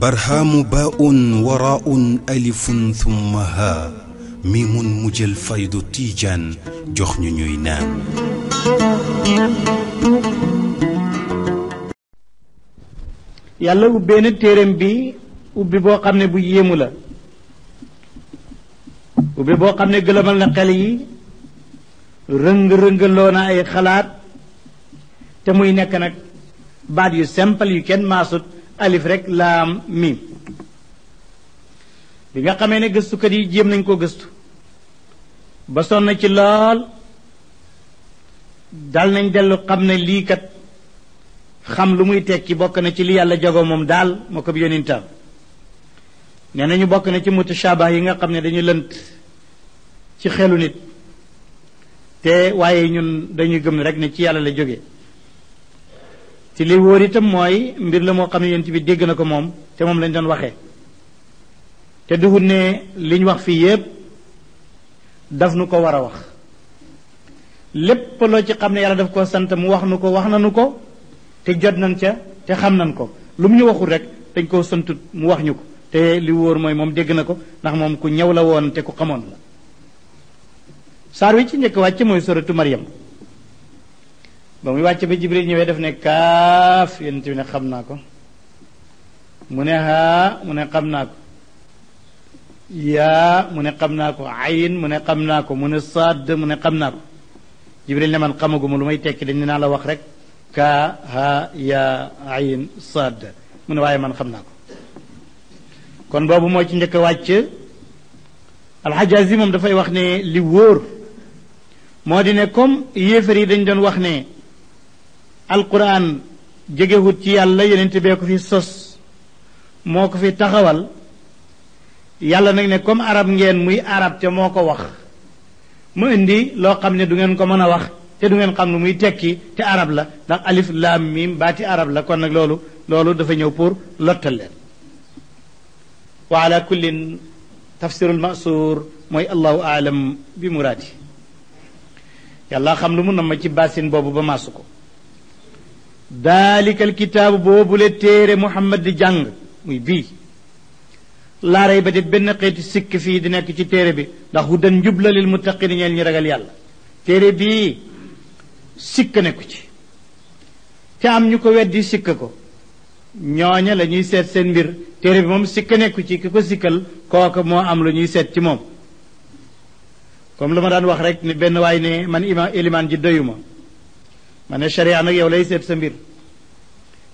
barhaamu baa un waraa un alifun thumma haa mi mun mujjal faydu jox ñu ñuy naan. yàlla ubbee na téeram bi ubbi boo xam ne bu yéemu la ubbi boo xam ne rëng-rëngaloo na ay xalaat te muy nekk nag baat yu simple yu kenn maasut alif rek laam miim bi nga xamee ne gëstukat yi jéem nañ ko gëstu ba sonn ci lool dal nañ dellu xam ne liikat xam lu muy tekki bokk na ci li yàlla jagoo moom daal moo ko bi yónintaam nee nañu bokk na ci mutashaabah yi nga xam ne dañu lënt ci xelu nit te waaye ñun dañuy gëm ne rek ne ci yàlla lay jóge ci li wóor itam mooy mbir la moo xam ne yonent bi dégg na ko moom te moom lañ doon waxee te duhut ne liñ wax fii yépp daf nu ko war a wax lépp loo ci xam ne yàlla daf ko sant mu wax nu ko wax nanu ko te jot nañ ca te xam nañ ko lu mu ñu waxul rek dañ koo santut mu wax ñu ko te li wóor mooy moom dégg na ko ndax moom ku ñëw la woon te ku xamoon la saar wi ci njëkk wàcc mooy suratu Maryam ba muy wàcc ba Jibril ñëwee def ne kaaf yonent bi ne xam naa ko mu ne haa mu ne xam naa ko yaa mu ne xam naa ko ayin mu ne xam naa ko mu ne saad mu ne xam naa ko Jibril ne man xamaguma lu may tekki dañ ne naa la wax rek kaa haa yaa ayin saad mu ne waaye man xam naa ko kon boobu moo ci njëkk a wàcc alxajaasi moom dafay wax ne li wóor moo di ne comme yéefar yi dañ doon wax ne alquran jegewut ci yàlla yenente bee ko fi sos moo ko fi taxawal yàlla nag ne comme arab ngeen muy arab te moo ko wax mu indi loo xam ne du ngeen ko mën a wax te du ngeen xam ne muy tekki te arab la ndax alif laam miim baati arab la kon nag loolu loolu dafa ñëw pour lottal leen wa ala kullin tafsirul masuur mooy allahu aalam bi muraadi yàlla xam lu mu na ma ci baasin boobu ba maasu ko daalikal kitaabu boobu la téere muhammad di jàng muy bii laaray ba det benn xeeti sikk fii di nekk ci téere bi ndax hudan njub la lil muttaqin ñeel ñi ragal yàlla téere bii sikk nekku ci te am ñu ko weddi sikk ko ñooña la ñuy seet seen mbir téere bi moom sikk nekku ci ki ko sikkal kooka moo am lu ñuy seet ci moom comme la ma daan wax rek ni benn waaye ne man ima élimaan ji doyu ma ma ne nag yow lay seet sa mbir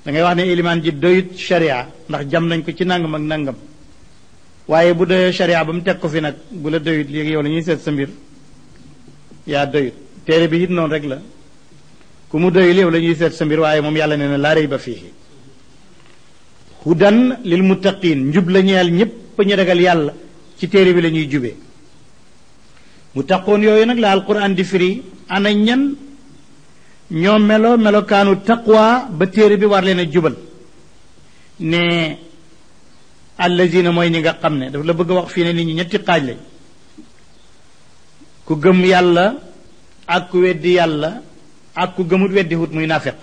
da wax ne élimaan ji doyut sharia ndax jam nañ ko ci nangam ak nangam waaye bu doyee sharia ba mu teg ko fi nag bu la doyut léegi yow lañuy ñuy seet sa mbir yaa doyut téere bi it noonu rek la ku mu doyul yow la ñuy seet sa mbir waaye moom yàlla nee na laa rey ba fii hudan lil muttaqin njub la ñeel ñépp ñu ragal yàlla ci téere bi la ñuy jubee mu taqoon yooyu nag la alquran di firi ana ñan ñoo melo melokaanu taqwa ba téere bi war leen a jubal ne allazina mooy ñi nga xam ne daf la bëgg a wax fii ne nit ñu ñetti xaaj lañ ku gëm yàlla ak ku weddi yàlla ak ku gëmut weddi wut muy naafeq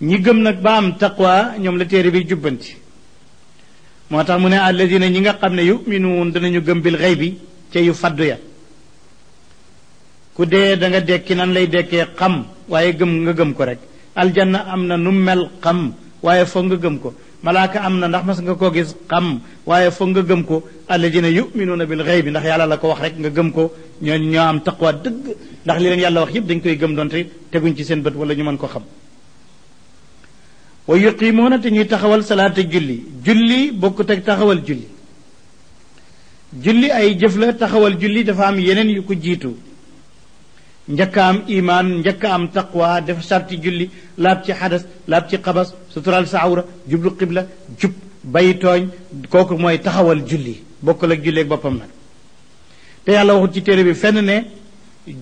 ñi gëm nag ba am taqwa ñoom la téere bi jubbanti moo tax mu ne allazina ñi nga xam ne yuminuun danañu gëm bil xëy bi ca yu faddu ya ku dee danga nga dekki nan lay dekkee xam waaye gëm nga gëm ko rek aljanna am na nu mel xam waaye foog nga gëm ko malaaka am na ndax mas nga koo gis xam waaye foog nga gëm ko alladina yuminuuna bil xëy bi ndax yàlla la ko wax rek nga gëm ko ñoo ñoo am taqwa dëgg ndax li leen yàlla wax yëpp dañ koy gëm doonte teguñ ci seen bët wala ñu mën ko xam wa yuqimuuna te ñuy taxawal salaata julli julli bokk teg taxawal julli julli ay jëf la taxawal julli dafa am yeneen yu ko jiitu njëkka am imaan njëkka am taqwa def sarti julli laab ci xadas laab ci xabas sutural sa awra jublu xibla jub bay tooñ kooku mooy taxawal julli bokkul ak julli ak boppam nag te yàlla waxut ci téere bi fenn ne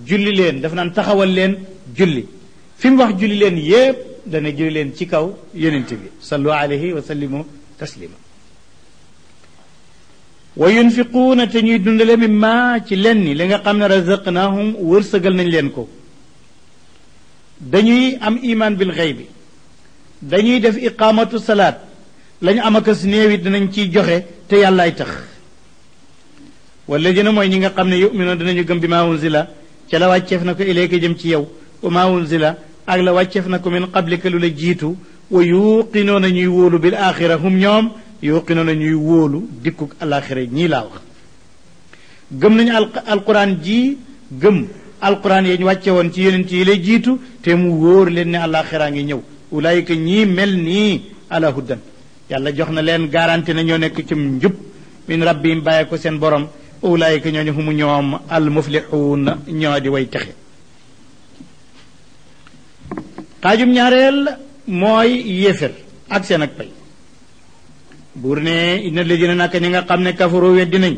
julli leen dafa naan taxawal leen julli fi mu wax julli leen yépp dana julli leen ci kaw yonent bi sallu alayhi wa وينفقون تنيدون لهم ما تلني لنا قمنا رزقناهم ورسقل من لينكو دني أم إيمان بالغيب دني دف إقامة الصلاة لن أمك سنيوي دننكي جوخي تي الله يتخ والذين ما ينقى قمنا يؤمنون دنن يقم بما أنزل كلا واتشفنك إليك جمتي يو وما أنزل أغلى واتشفنك من قبلك لولجيتو ويوقنون أن يولوا بالآخرة هم يوم yuqinu na ñuy wóolu dikkuk alaxira ñii laa wax gëm nañu al alquran ji gëm alquran yee ñu wàcce woon ci yonent yi lay jiitu te mu wóor leen ne ngi ñëw ulaayika ñii mel nii ala huddan yàlla jox na leen garanti na nekk ci njub min rabbihim bàyyi ko seen borom ulaayika ñooñu humu ñoom al muflixuun ñoo di way texe xaajum ñaareel mooy yéefér ak seen ak pay buur ne inna ladina naka ñi nga xam ne kafaru weddi nañ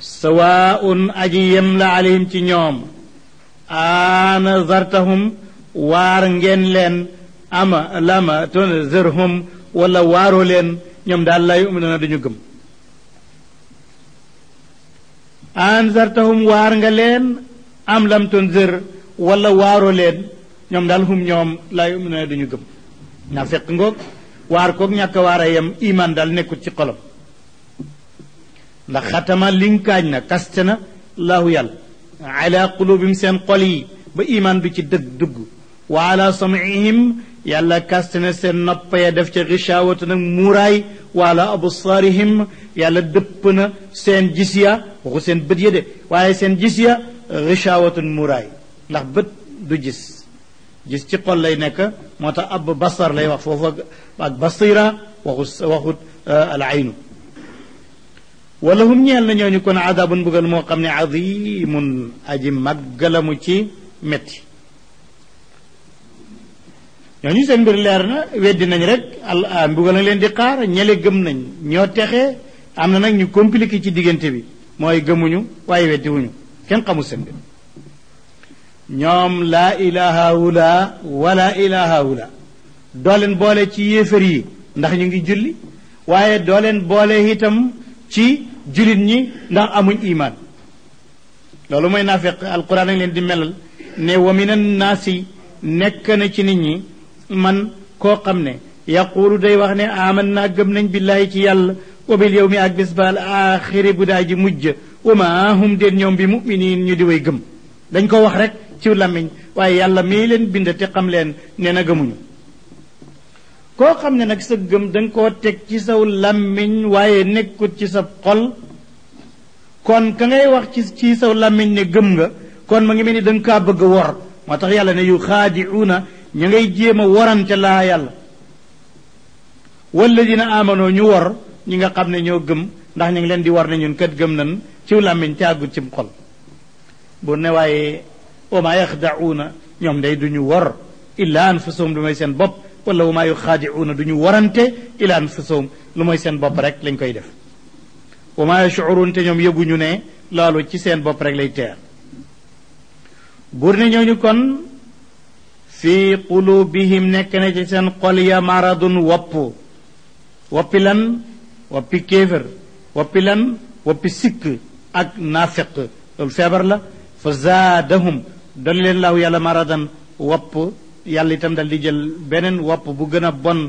sawaun aji yem la alayhim ci ñoom ana zartahum war ngeen len ama lama ton zërhum wala waro len ñom dal la yuminuna duñu gëm aan zartahum war nga len am lam ton zër wala waro len ñom dal hum ñom la yuminuna duñu gëm nafiq ngok waar koog ñàkk waara yam iman daal nekkul ci xolam ndax xatama linkaañ na kaste na laahu yàlla ala qulubim seen xol yi ba iman du ci dëgg dugg wa ala yàlla kaste na seen nopp ya def ca gishaawatu na muuraay wa ala absaarihim yàlla dëpp na seen gis ya waxu seen bët ya de waaye seen gis ya gishaawatun muuraay ndax bët du gis gis ci xol lay nekk moo tax ab basar lay wax foofu ak basira waxut waxut euh, al aynu wala hum ñeel na ñooñu kon adabun mbugal moo xam ne azimun aji màggalamu ci métti ñooñu seen mbir leer na weddi nañ rek al mbugal nag leen di xaar ñele gëm nañ ñoo texe am na nag ñu compliqué ci diggante bi mooy gëmuñu waaye weddi wuñu kenn xamul seen mbir ñoom laa ilaha wula wala ilaha wula doo leen boole ci yéefar yi ndax ñu ngi julli waaye doo leen boole itam ci jullit ñi ndax amuñ imaan loolu mooy naafeq alquran ak leen di melal ne wa naa si nekk na ci nit ñi man koo xam ne yaquulu day wax ne aman naa gëm nañ billaahi ci yàlla wa yow mi ak bis baal axiri bu daa ji mujj wa ma hum déen ñoom bi muminin ñu di way gëm dañ ko wax rek ciw làmmiñ waaye yàlla mii leen bind te xam leen nee na gëmuñu koo xam ne nag sa gëm dañ koo teg ci saw làmmiñ waaye nekkut ci sa xol kon ka ngay wax ci ci saw làmmiñ ne gëm nga kon ma ngi mel ni danga kaa bëgg a wor moo tax yàlla ne yu xaadiuuna ñu ngay jéem a warante laa yàlla walladina amanoo ñu wor ñi nga xam ne ñoo gëm ndax ñu ngi leen di war ne ñun gëm na ciw làmmiñ te àggut cim xol bu ne waaye wa maa yaxda'uuna ñoom day duñu ñu wor illa anfusahum lu mooy seen bopp wala wa maa yuxaadi'uuna du ñu warante illa anfusahum lu mooy seen bopp rek lañ koy def wa maa yashuruun ñoom yëguñu ne loolu ci seen bopp rek lay teer buur ne ñooñu kon fi qulubihim nekk na ci seen xol ya maradun wopp woppi lan woppi kéefër woppi lan woppi sikk ak naafiq loolu feebar la fa zaadahum dolli leen law yàlla maradan wopp yàlla itam dal di jël beneen wopp bu gën a bon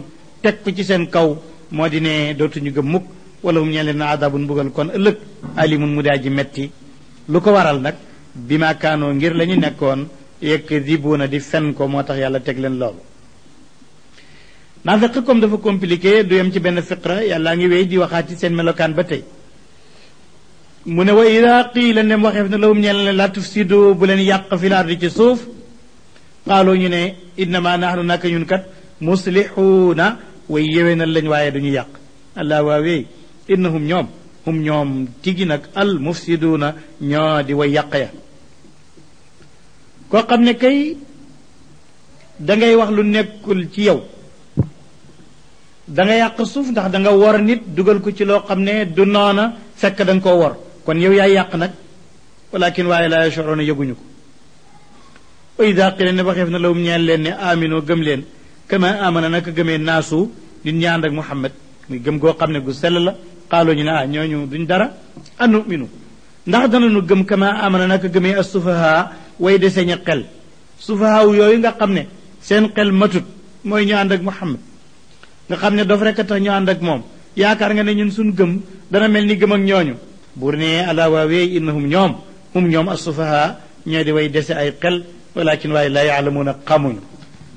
teg ko ci seen kaw moo di ne dootuñu gëm mukk wala mu ñee leen na adabun mbugal kon ëllëg alimun mu daa ji metti lu ko waral nag bi ma ngir la ñu nekkoon yekk di buuna di fen ko moo tax yàlla teg leen loolu naa fekk comme dafa compliqué du yem ci benn fiqra yàlla ngi wéy di waxaat ci seen melokaan ba tey mu ne wa ida qiila ndem waxeef na lawum ñeel ne la tufsidu bu leen yàq fi lardi ci suuf xaaloo ñu ne innama nahnu naka ñun kat muslihuuna way yewenal lañ waaye duñu yàq allah waawee innahum ñoom hum ñoom tigi nag al mufsiduuna ñoo di way yàq ya koo xam ne kay dangay wax lu nekkul ci yow danga yàq suuf ndax danga wor nit dugal ko ci loo xam ne du noona fekk danga koo wor kon yow yaay yàq nag walakin waaye laa yashuruna yëguñu ko wa ida ne waxeef na lawum ñeel leen ne amino gëm leen kama amana naka gëme naasu nit ñaan ak muhammad muy gëm goo xam ne gu sell la xaaloo ñu ne ah ñooñu duñ dara anu minu ndax danañu gëm kama amana naka gëmee as sufaha way de señ xel sufaha yooyu nga xam ne seen xel matut mooy ñu ànd ak muhammad nga xam ne doo rek a tax ñu ànd ak moom yaakaar nga ne ñun suñ gëm dana mel ni gëm ak ñooñu buur ne alaa waawee innahum ñoom hum ñoom assufaha ñoo di way dese ay xel walakin waaye laa yaalamuuna xamuñu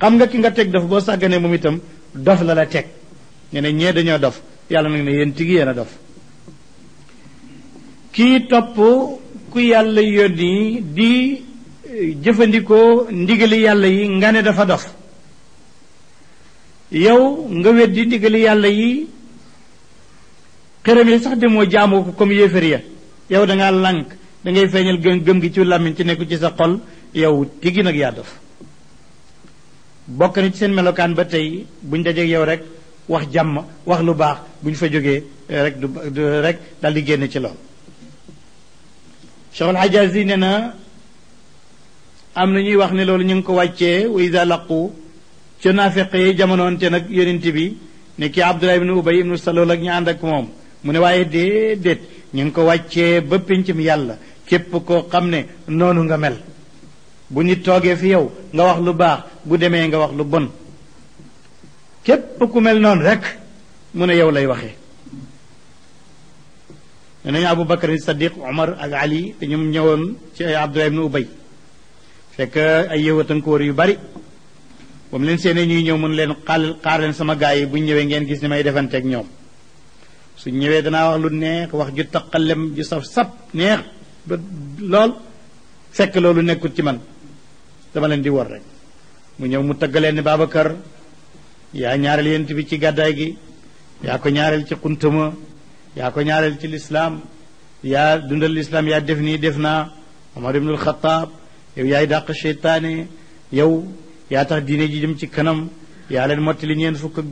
xam nga ki nga teg dof boo sàgganee moom itam dof la la teg ñu ne ñee dañoo dof yàlla nag ne yéen tigi yéen a dof kii topp ku yàlla yónni di eh, jëfandikoo ndigali yàlla yi nga ne dafa dof yow nga weddi ndigali yàlla yi xëram yi sax demoo jaamoo ko comme yéefar ya yow da lànk da ngay feeñal gëm gëm gi ci làmmiñ ci nekku ci sa xol yow tigi nag yaa def bokk na ci seen melokaan ba tey buñ dajeeg yow rek wax jàmm wax lu baax buñ fa jógee rek du rek daal di génn ci lool Cheikh Al-Hajazi ne na am na ñuy wax ne loolu ñu ngi ko wàccee wa iza laqu ca naafeq yi jamonoonte nag yonent bi ne kii Abdullah ibnu Ubay ibnu Salul ak ñu ànd ak moom mu ne waaye déedéet ñu ngi ko wàccee ba péncam yàlla képp koo xam ne noonu nga mel bu nit toogee fi yow nga wax lu baax bu demee nga wax lu bon képp ku mel noonu rek mu ne yow lay waxee ne nañu abu bakar siddiq omar ak ali te ñoom ñëwoon ci ay abdullah ibnu ubay fekk ay yëwatan ko wër yu bari ba mu leen seenee ñuy ñëw mun leen xaal xaar leen sama gaay yi bu ñëwee ngeen gis ni may defanteek ñoom su ñëwee danaa wax lu neex wax ju taqalem ju saf sap neex ba lool fekk loolu nekkul ci man dama leen di war rek mu ñëw mu tëggaleen ni Babacar yaa ñaareel yent bi ci gàddaay gi yaa ko ñaareel ci xuntama yaa ko ñaareel ci lislaam yaa dundal lislaam yaa def nii def naa Omar ibnul Xataab yow yaay dàq seytaane yow yaa tax diine ji jëm ci kanam yaa leen mottali ñeent fukk ak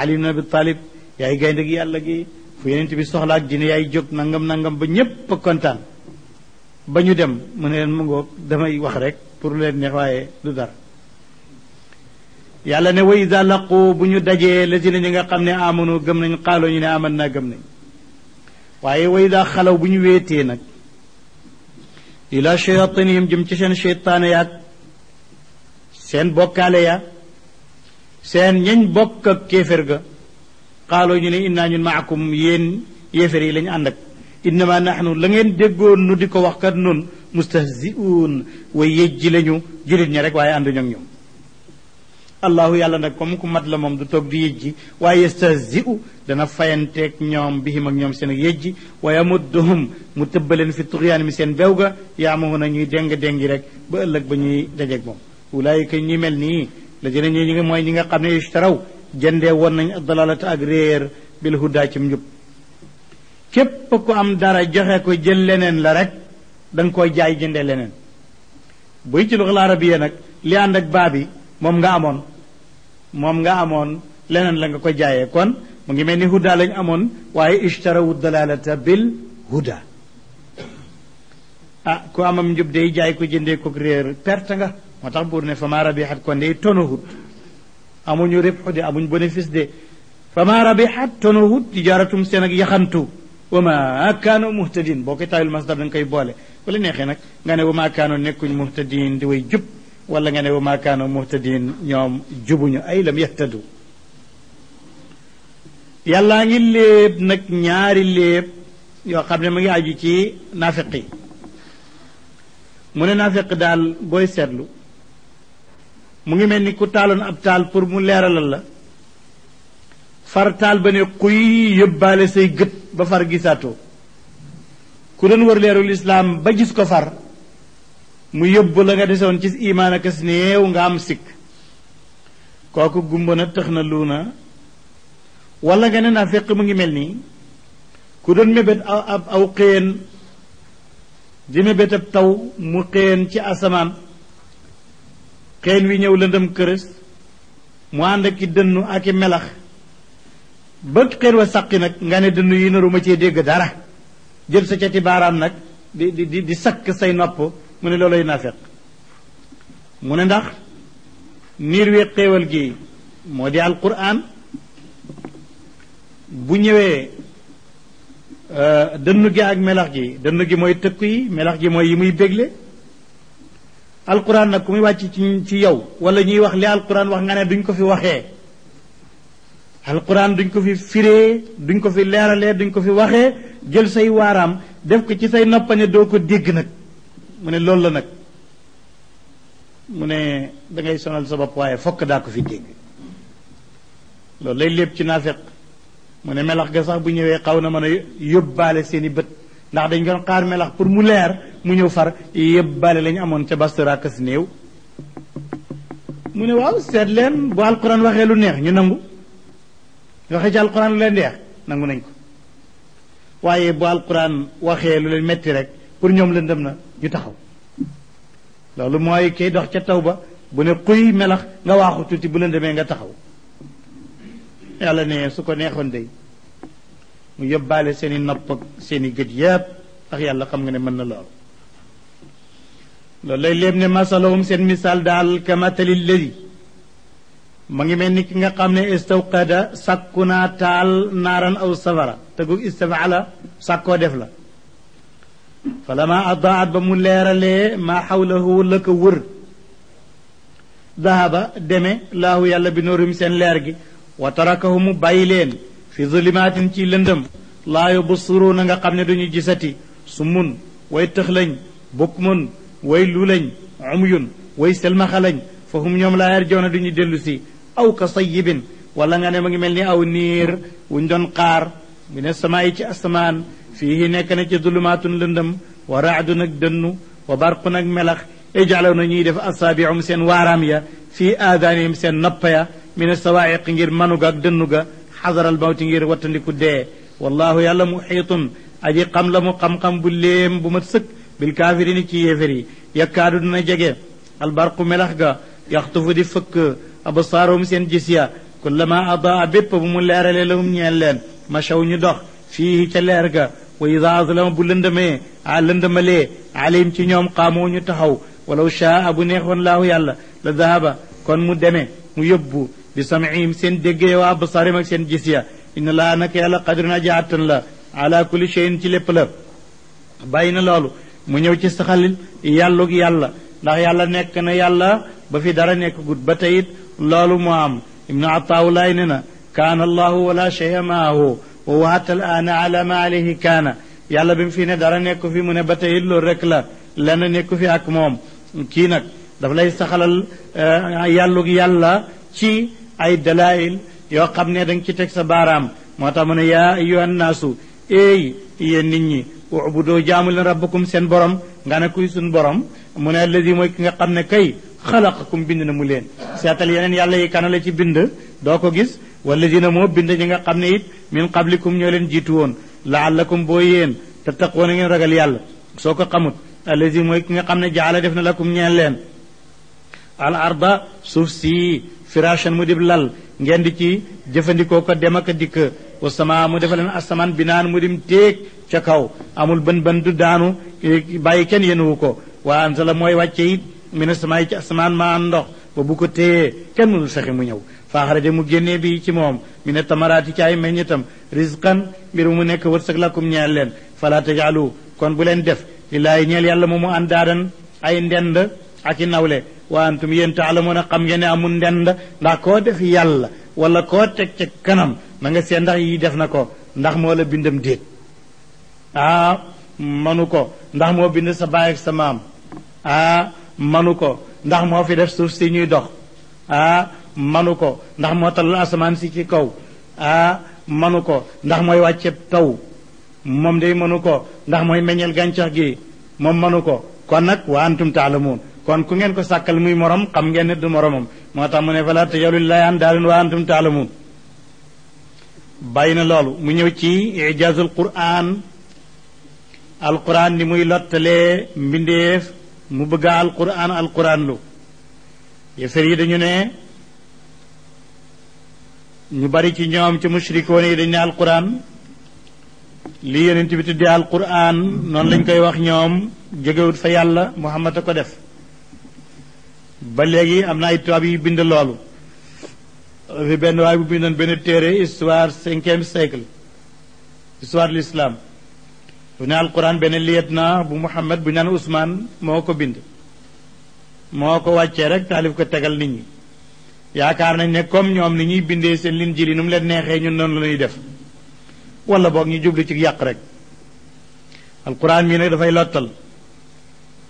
Ali ibn Abi Talib yaay gaynde gi yàlla gi fu yenent bi soxla dina yaay jóg nangam nangam ba ñépp a kontaan ba ñu dem mu ne leen mu damay wax rek pour leen waaye du dara yàlla ne wa ida laqu bu ñu dajee lazina ñi nga xam ne amanu gëm nañ xaaloo ñu ne aman naa gëm nañ waaye wa ida xalaw bu ñu wéetee nag ila shayatinihim jëm ci seen sheytaane yaag seen bokkaale ya seen ñañ bokk ak kéefér ga xaaloo ñu ne innaa ñun maakum yéen yéefar yi la ñu ànd ak innama nahnu la ngeen déggoon nu di ko wax kat noonu mustahziuun way yejji lañu julit ñi rek waaye ànduñu ak ñoom allahu yàlla nag comme ku mat la moom du toog di yejji waaye yastahziu dana fayanteeg ñoom bihim ak ñoom seen ak yejji wa yamudduhum mu tëbbaleen fi tuxyaan mi seen bew ga yaamahuna ñuy déng déngi rek ba ëllëg ba ñuy dajeeg moom ulaayika ñi mel nii la dina ñi nga mooy ñi nga xam ne ishtaraw jëndee woon nañ dalalata ak réer bil hudaa ci njub képp ku am dara joxe ko jël leneen la rek da nga koy jaay jënde leneen buy ci luxal arabiya nag li ànd ak baa bi moom nga amoon moom nga amoon leneen la nga ko jaayee kon mu ngi mel ni hudaa lañ amoon waaye ishtarawu dalalata bil huda ah ku amam njub day jaay ko jëndee ko réer perte nga moo tax buur ne fa maa rabixat kon day tonahut amuñu ribxu de amuñu bénéfice de fa ma rabihat tonowut tijaaratum seen ak yaxantu wa ma kaano muhtadin boo koy taayul masdar da nga koy boole bu la neexee nag nga ne wa ma kaano nekkuñ muhtadin di way jub wala nga ne wa ma kaano muhtadin ñoom jubuñu ay lam yahtadu yàllaa ngi léeb nag ñaari léeb yoo xam ne ma ngi aju ci nafiqi mu ne nafiq daal booy seetlu mu ngi mel ni ku taaloon ab taal pour mu leeralal la far taal ba ne kuy yëbbaale say gët ba far gisaatoo ku doon wër leerul islaam ba gis ko far mu yóbbu la nga desoon ci imaan ak as néew nga am sikk kooku gumba na tëx na luuna wala nga ne naa fekk mu ngi mel nii ku doon mébét aw aw xëyeen di mébét ab taw mu xëyeen ci asamaan xeen wi ñëw lëndëm kërës mu ànd ak i dënnu ak i melax ba xeen wa saqi nag nga ne dënnu yi naruma cee dégg dara jël sa cati baaraam nag di di di sakk say nopp mu ne looloy nafeq mu ne ndax niir wi xéewal gi moo di alquran bu ñëwee euh, dënn gi ak melax gi dënn gi mooy tëkku yi melax gi mooy yi muy bégle alquran nag ku muy wàcc ci ñu ci yow wala ñuy wax li alquran wax nga ne duñ ko fi waxee alquran duñ ko fi firee duñ ko fi leeralee duñ ko fi waxee jël say waaraam def ko ci say noppane doo ko dégg nag mu ne loolu la nag mu ne dangay sonal sa bopp waaye fokk daa ko fi dégg loolu lay lépp ci naafeq mu ne melax ga sax bu ñëwee xaw na mën a yóbbaale seeni bët ndax dañ doon xaar melax pour mu leer mu ñëw far yëpp bale lañu amoon ca bastora si néew mu ne waaw seet leen bu alquran waxee lu neex ñu nangu waxee ci alquran lu leen neex nangu nañ ko waaye bu alquran waxee lu leen metti rek pour ñoom lëndëm na ñu taxaw loolu mooy kay dox ca taw ba bu ne kuy melax nga waaxu tuuti bu lëndëmee nga taxaw yàlla ne su ko neexoon day mu yóbbaale seen i nopp ak seen i gët yépp ndax yàlla xam nga ne mën na loolu loolu lay léeb ne masalahum seen misaal daal kamatali lëri ma ngi mel ni ki nga xam ne istawqada sàkku naa taal naaran aw safara te gu istafaala sàkkoo def la falama adaat ba mu leeralee maa xawlahu la ko wër dahaba deme laahu yàlla bi noorum seen leer gi wa tarakahu mu bàyyi leen fi zulumaatin ci lëndëm laa yubsiruuna nga xam ne duñu gisati summun way tëx lañ bukmun way lu lañ umyun way selmaxa lañ fa hum ñoom laa yarjoona duñu dellu si aw ka sayibin wala nga ne ma ngi mel ni aw niir wuñ doon xaar mi ne sama yi ci asamaan fii nekk na ci zulumaatun lëndëm wa raadun ak dënnu wa barqun ak melax ijalaw na ñuy def asaabium seen waaraam ya fii aadaanihim seen noppa ya mi ne sawaayiq ngir manuga ak dënnu ga xadaral mawti ngir wattandiku dee wallahu yàlla muxiitun aji xam la mu xam-xam bu léem bu mat sëkk bil kaafiriini ci yéefér yi yakkaadu dina jege albarqu melax ga yaxtufu di fëkk absaarum seen gis ya kullama adaa bépp bu mu leeralee lahum ñeel ma machaw ñu dox fii ca leer ga wa ida azlama bu lëndamee a lëndamalee alim ci ñoom xaamoo ñu taxaw walaw shaa bu neexoon laahu yàlla la dahaba kon mu demee mu yóbbu bi samihim seen déggee wa absaarim ak seen gis ya inna laa nak yàlla qadirin aji àttan la ala kulli shay'in ci lépp la bàyyi na loolu mu ñëw ci saxalil yàllug yàlla ndax yàlla nekk na yàlla ba fi dara nekk gut ba tey loolu moo am ibnu ataawulaay ne na kaana allahu wala shay'a maahu wa waata al ala ma alayhi kaana yàlla bi mu fi ne dara nekku fi mu ne ba tey it loolu rek la lenn nekku fi ak moom kii nag daf lay saxalal yàllug yàlla ci ay dalail yoo xam ne da ci teg sa baaraam moo tax mu ne yaa ayyuha naasu éey yéen nit ñi bu doo jaamu leen rabbakum seen borom nga ne kuy suñ borom mu ne alladi mooy ki nga xam ne kay xalaqakum bind na mu leen seetal yeneen yàlla yi kana la ci bind doo ko gis walladina moo bind ñi nga xam ne it min qablikum ñoo leen jiitu woon laallakum boo yéen te taqoon a ngeen ragal yàlla soo ko xamut alladi mooy ki nga xam ne jaala def na lakum ñeen leen firaashan mu dib lal ngeen di ci jëfandikoo ko dem ak dikk wasamaa mu defal leen bi naan mu dim téeg ca kaw amul bën bën du daanu bàyyi kenn yenuwu ko waa anta la mooy wàcce it min asamaa yi ci asamaan ma ndox ba bu ko téyee kenn mënul fexe mu ñëw faaxaraja mu génnee bi ci moom mi ne tamaraati ci ay meññitam risqan mbir mu nekk wërsëg lakum ñeel leen fala tajaalu kon bu leen def lillaahi ñeel yàlla moomu àndaadan ay ndend ak i nawle wa antum yéen a xam ngeen ne amul ndend ndax koo def yàlla wala koo teg ca kanam na nga seet ndax yi def na ko ndax moo la bindam déet ah manu ko ndax moo bind sa baay sa maam ah manu ko ndax moo fi def suuf si ñuy dox ah manu ko ndax moo talal asamaan si ci kaw ah manu ko ndax mooy wàcce taw moom day manu ko ndax mooy meññeel gàncax gi moom manu ko kon nag wa antum taalamuun kon ku ngeen ko sàkkal muy morom xam ngeen ne du moroomam moo tax mu ne fala tajalu lillahi andaadan wa antum taalamuun bàyyi na loolu mu ñëw ci ijaazul quraan alquran li muy lottalee mbindeef mu bëgga alquran alquran lu yëfër yi dañu ne ñu bari ci ñoom ci mushrikoon yi dañu ne alquran lii yonent bi tuddee alquran noonu lañ koy wax ñoom jógewut fa yàlla muhammad a ko def ba léegi am na ay tubaab bind loolu fi benn waaye bu bindoon benn téere histoire cinquième siècle histoire de l'islam bu ne alquran benn liyet na bu Muhammad bu ñaan Ousmane moo ko bind moo ko wàccee rek taalif ko tegal nit ñi yaakaar nañ ne comme ñoom ni ñuy bindee seen lin ji li mu leen neexee ñun noonu la def wala boog ñu jublu ci yàq rek alquran mii nag dafay lottal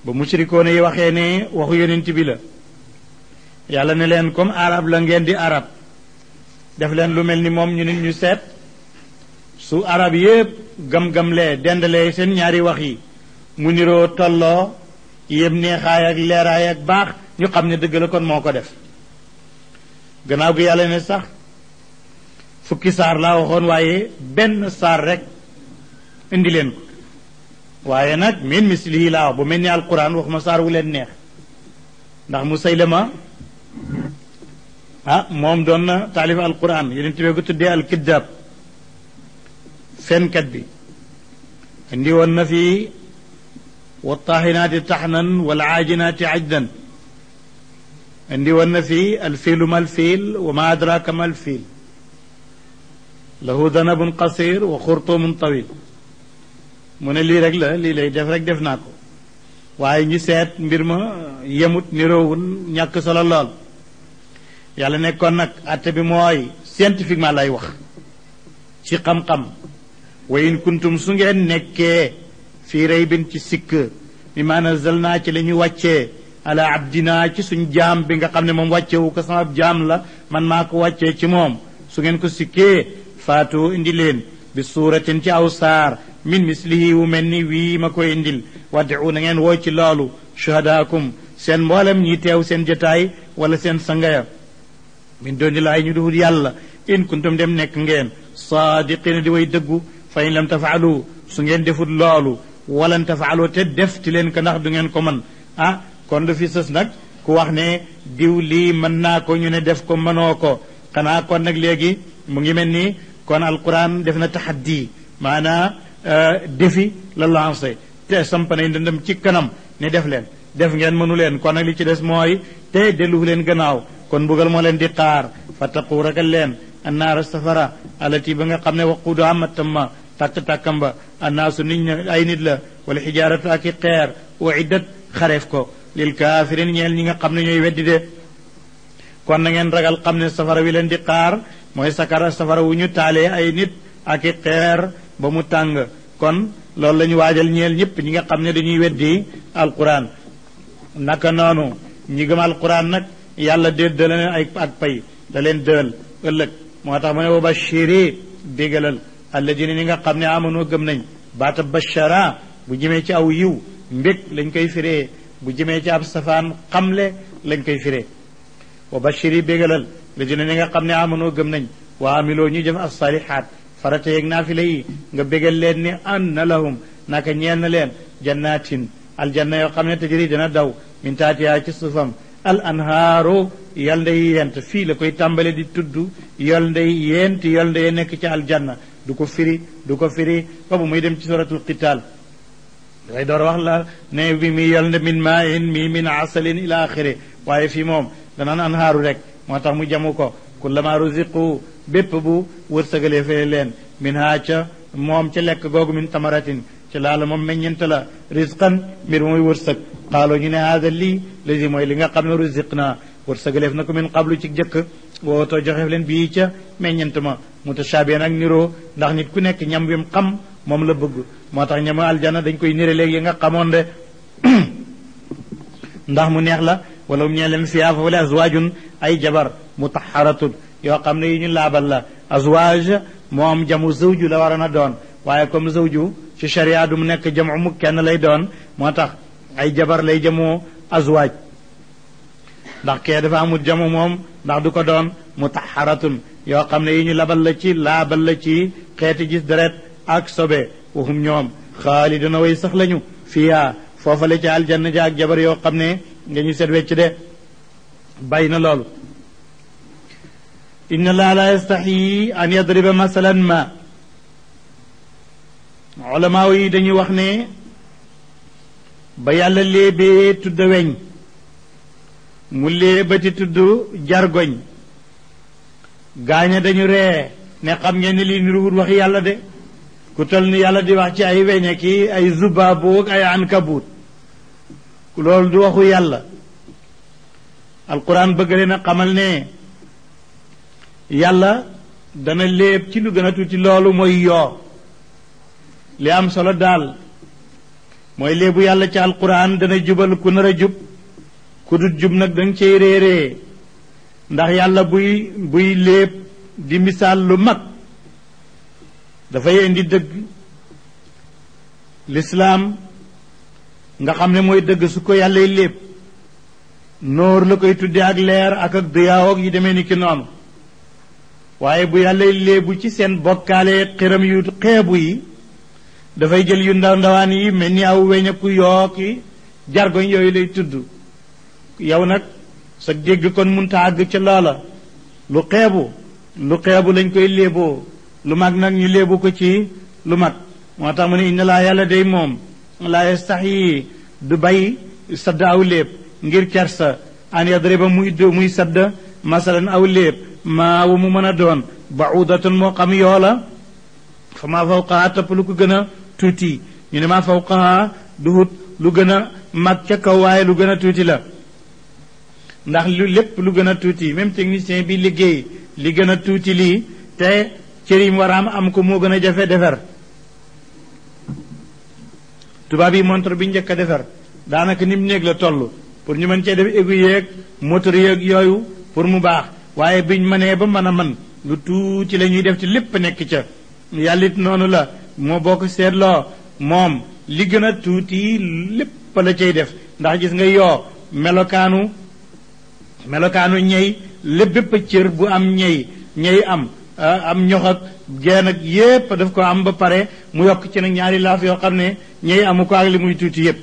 ba mushrikoon yi waxee ne waxu yonent bi la yàlla ne leen comme arab la ngeen di arab def leen lu mel ni moom ñu nit ñu seet su arab yépp gam-gamlee gam dendalee seen ñaari wax yi mu niroo tolloo yépp neexaay ak leeraay ak baax ñu xam ne dëgg la kon moo ko def gannaaw gi yàlla ne sax fukki saar laa waxoon waaye benn saar rekk indi leen ko waaye nag min mislihi laa wax bu mel ni alquran waxuma saar wu leen neex ndax mu Musaylama موم دون تعليف القران يرنتي بي كنت دي الكذاب فين كدبي عندي والنفي في والطاحنات طحنا والعاجنات عجدا عندي والنفي الفيل ما الفيل وما ادراك ما الفيل له ذنب قصير وخرطوم طويل من اللي رجلا لي لي دف رك دفناكو واي ني سيت ميرما يموت نيرو نياك صلى الله عليه وسلم yàlla ne kon nag atte bi mooy scientifiquement lay wax ci xam-xam wa in kuntum su ngeen nekkee fii raybin ci sikk mi maana zal naa ci la ñu wàccee ala abdinaa ci suñ jaam bi nga xam ne moom wàccewu ko sama jaam la man maa ko wàccee ci moom su ngeen ko sikkee faatu indi leen bi suuratin ci aw saar min mislihi wu mel ni wii ma koy indil wad'u na ngeen woo ci loolu shuhadaakum seen mboolem ñi teew seen jataay wala seen sangaya min dooni laay ñu duhul yàlla in kuntum dem nekk ngeen saadiqina di way dëggu fa in lam alo su ngeen deful loolu walan alo te def ti leen ko ndax du ngeen ko man ah kon lu fi sës nag ku wax ne diw lii mën naa ko ñu ne def ko mënoo ko xanaa kon nag léegi mu ngi mel ni kon alquran def na taxaddi maanaa euh, défi la lancé te samp nay ndëndam ci kanam ne def leen def ngeen mënu leen kon nag li ci des mooy te delluhu leen gannaaw kon mbugal moo leen di xaar fattaqu ragal leen annaara safara alati ba nga xam ne waquuduha mattam ma tàkk-tàkkam ba annaasu nit ay nit la wala xijaaratu ak i xeer uiddat xareef ko lil kaafirin ñeel ñi nga xam ne ñooy weddi de kon na ngeen ragal xam ne safara wi leen di xaar mooy sakara safara wu ñu taalee ay nit ak i xeer ba mu tàng kon loolu la waajal ñeel ñëpp ñi nga xam ne dañuy weddi alquran naka noonu ñi gëm alquran nag yàlla déddale leen ay ak pay da leen dël ëllëg moo tax mu ne wa bashiri bégalal alladina ñi nga xam ne amanoo gëm nañ baata bashara bu jëmee ci aw yiw mbég lañ koy fire bu jëmee ci ab safaan le lañ koy fire wa bashiri bégalal alladina ñi nga xam ne amanoo gëm nañ waa amiloo ñuy jëf as salihaat farata yeeg naafila yi nga bégal leen ni an na lahum naka ñeel na leen jannatin aljanna yoo xam ne tajri dana daw min taatiyaa ci suufam al anhaaro yol nde yent fii la koy tàmbale di tudd yol nde yi yent yol nde yi nekk ci aljanna du ko firi du ko firi ba bu muy dem ci suratul qital dafay door wax la ne bi mi yol nde min maa in mi min asalin ila axiri waaye fii moom danaan anhaaru rek moo tax mu jamu ko kullama ruziqu bépp bu wërsëgalee fee leen min haa ca moom ca lekk googu min tamaratin ci laalo moom meññent la risqan mbir mooy wërsëg xaaloo ñu ne haada lii lasi mooy li nga xam ne rusiq naa lef na ko min qablu ci jëkk wootoo joxeef leen bii ca meññent ma mutashaabeen ak niroo ndax nit ku nekk ñam wim xam moom la bëgg moo tax ñamu aljana dañ koy nire léegi nga xamoon de ndax mu neex la wala mu ñee leen fiyaa fa wala azwaajun ay jabar mutaharatun yoo xam ne yi ñu laabal la azwaaj moom jamu zawju la waroon a doon waaye comme zawju ci sharia du mu nekk jamu mu kenn lay doon moo tax ay jabar lay jamoo azwaaj ndax kee dafa amul jamu moom ndax du ko doon mutaharatun yoo xam ne yi ñu labal la ci laabal la ci xeeti gis deret ak sobe waxum ñoom xaaliduna yi sax lañu fiyaa foofale ci aljanna ja ak jabar yoo xam ne nga ñu set wecc de bay na loolu inna laa la yastaxi an yadriba masalan ma ulamaaw yi dañuy wax ne ba yàlla léebee tudd weñ mu léebati tudd jargoñ gaaña dañu ree ne xam ngeen ne lii niruwut waxi yàlla de ku toll ni yàlla di wax ci ay weñe ki ay zubaabu ak ay ankabuut loolu du waxu yàlla alquran bëgg leen a xamal ne yàlla dana léeb ci lu gën tuuti loolu mooy yoo li am solo daal mooy léebu yàlla ci alquran dana jubal ku nar a jub ku dut jub nag danga cey réeree ndax yàlla buy buy léeb di misaal lu mag dafay indi dëgg lislaam nga xam ne mooy dëgg su ko yàllay léeb noor la koy tudde ak leer ak ak duyaaw ak yu demee ki noonu waaye bu yàllay léebu ci seen bokkaale xiram yu xeebu yi dafay jël yu ndaw ndawaan yi mel ni aw weñ ku yooki jargoñ yooyu lay tudd yow nag sa dégg kon munta àgg ca loola lu xeebu lu xeebu lañ koy léeboo lu mag nag ñu léebu ko ci lu mag moo tax mu ne inna laa yàlla day moom laa yastaxyi du bay sadd aw léeb ngir kersa an yadriba ba muy sadd masalan aw léeb maa mu mën a doon ba udatun moo xam yoo la fa maa fawqaa topp lu ko gën tuuti ñu ne maa fawqaha duhut lu gën a mag ca kaw waaye lu gën a tuuti la ndax lu lépp lu gën a tuuti même technicien bi liggéey li gën a tuuti lii te cërim waraam am ko moo gën a jafe defar tubaab yi montre bi njëkk a defar daanaka nim néeg la toll pour ñu mën cee def aiguille yeeg moteur yeeg yooyu pour mu baax waaye biñ mënee ba mën a mën lu tuuti la ñuy def ci lépp nekk ca yàlla it noonu la moo bokk seetloo moom li gën a tuuti lépp la cay def ndax gis nga yoo melokaanu melokaanu ñey lépp bépp cër bu am ñey ñey am ah, am ñox ak geen ak yépp daf ko am ba pare mu yokk ci nag ñaari laaf yoo xam ne ñey amu ko ak li muy tuuti yépp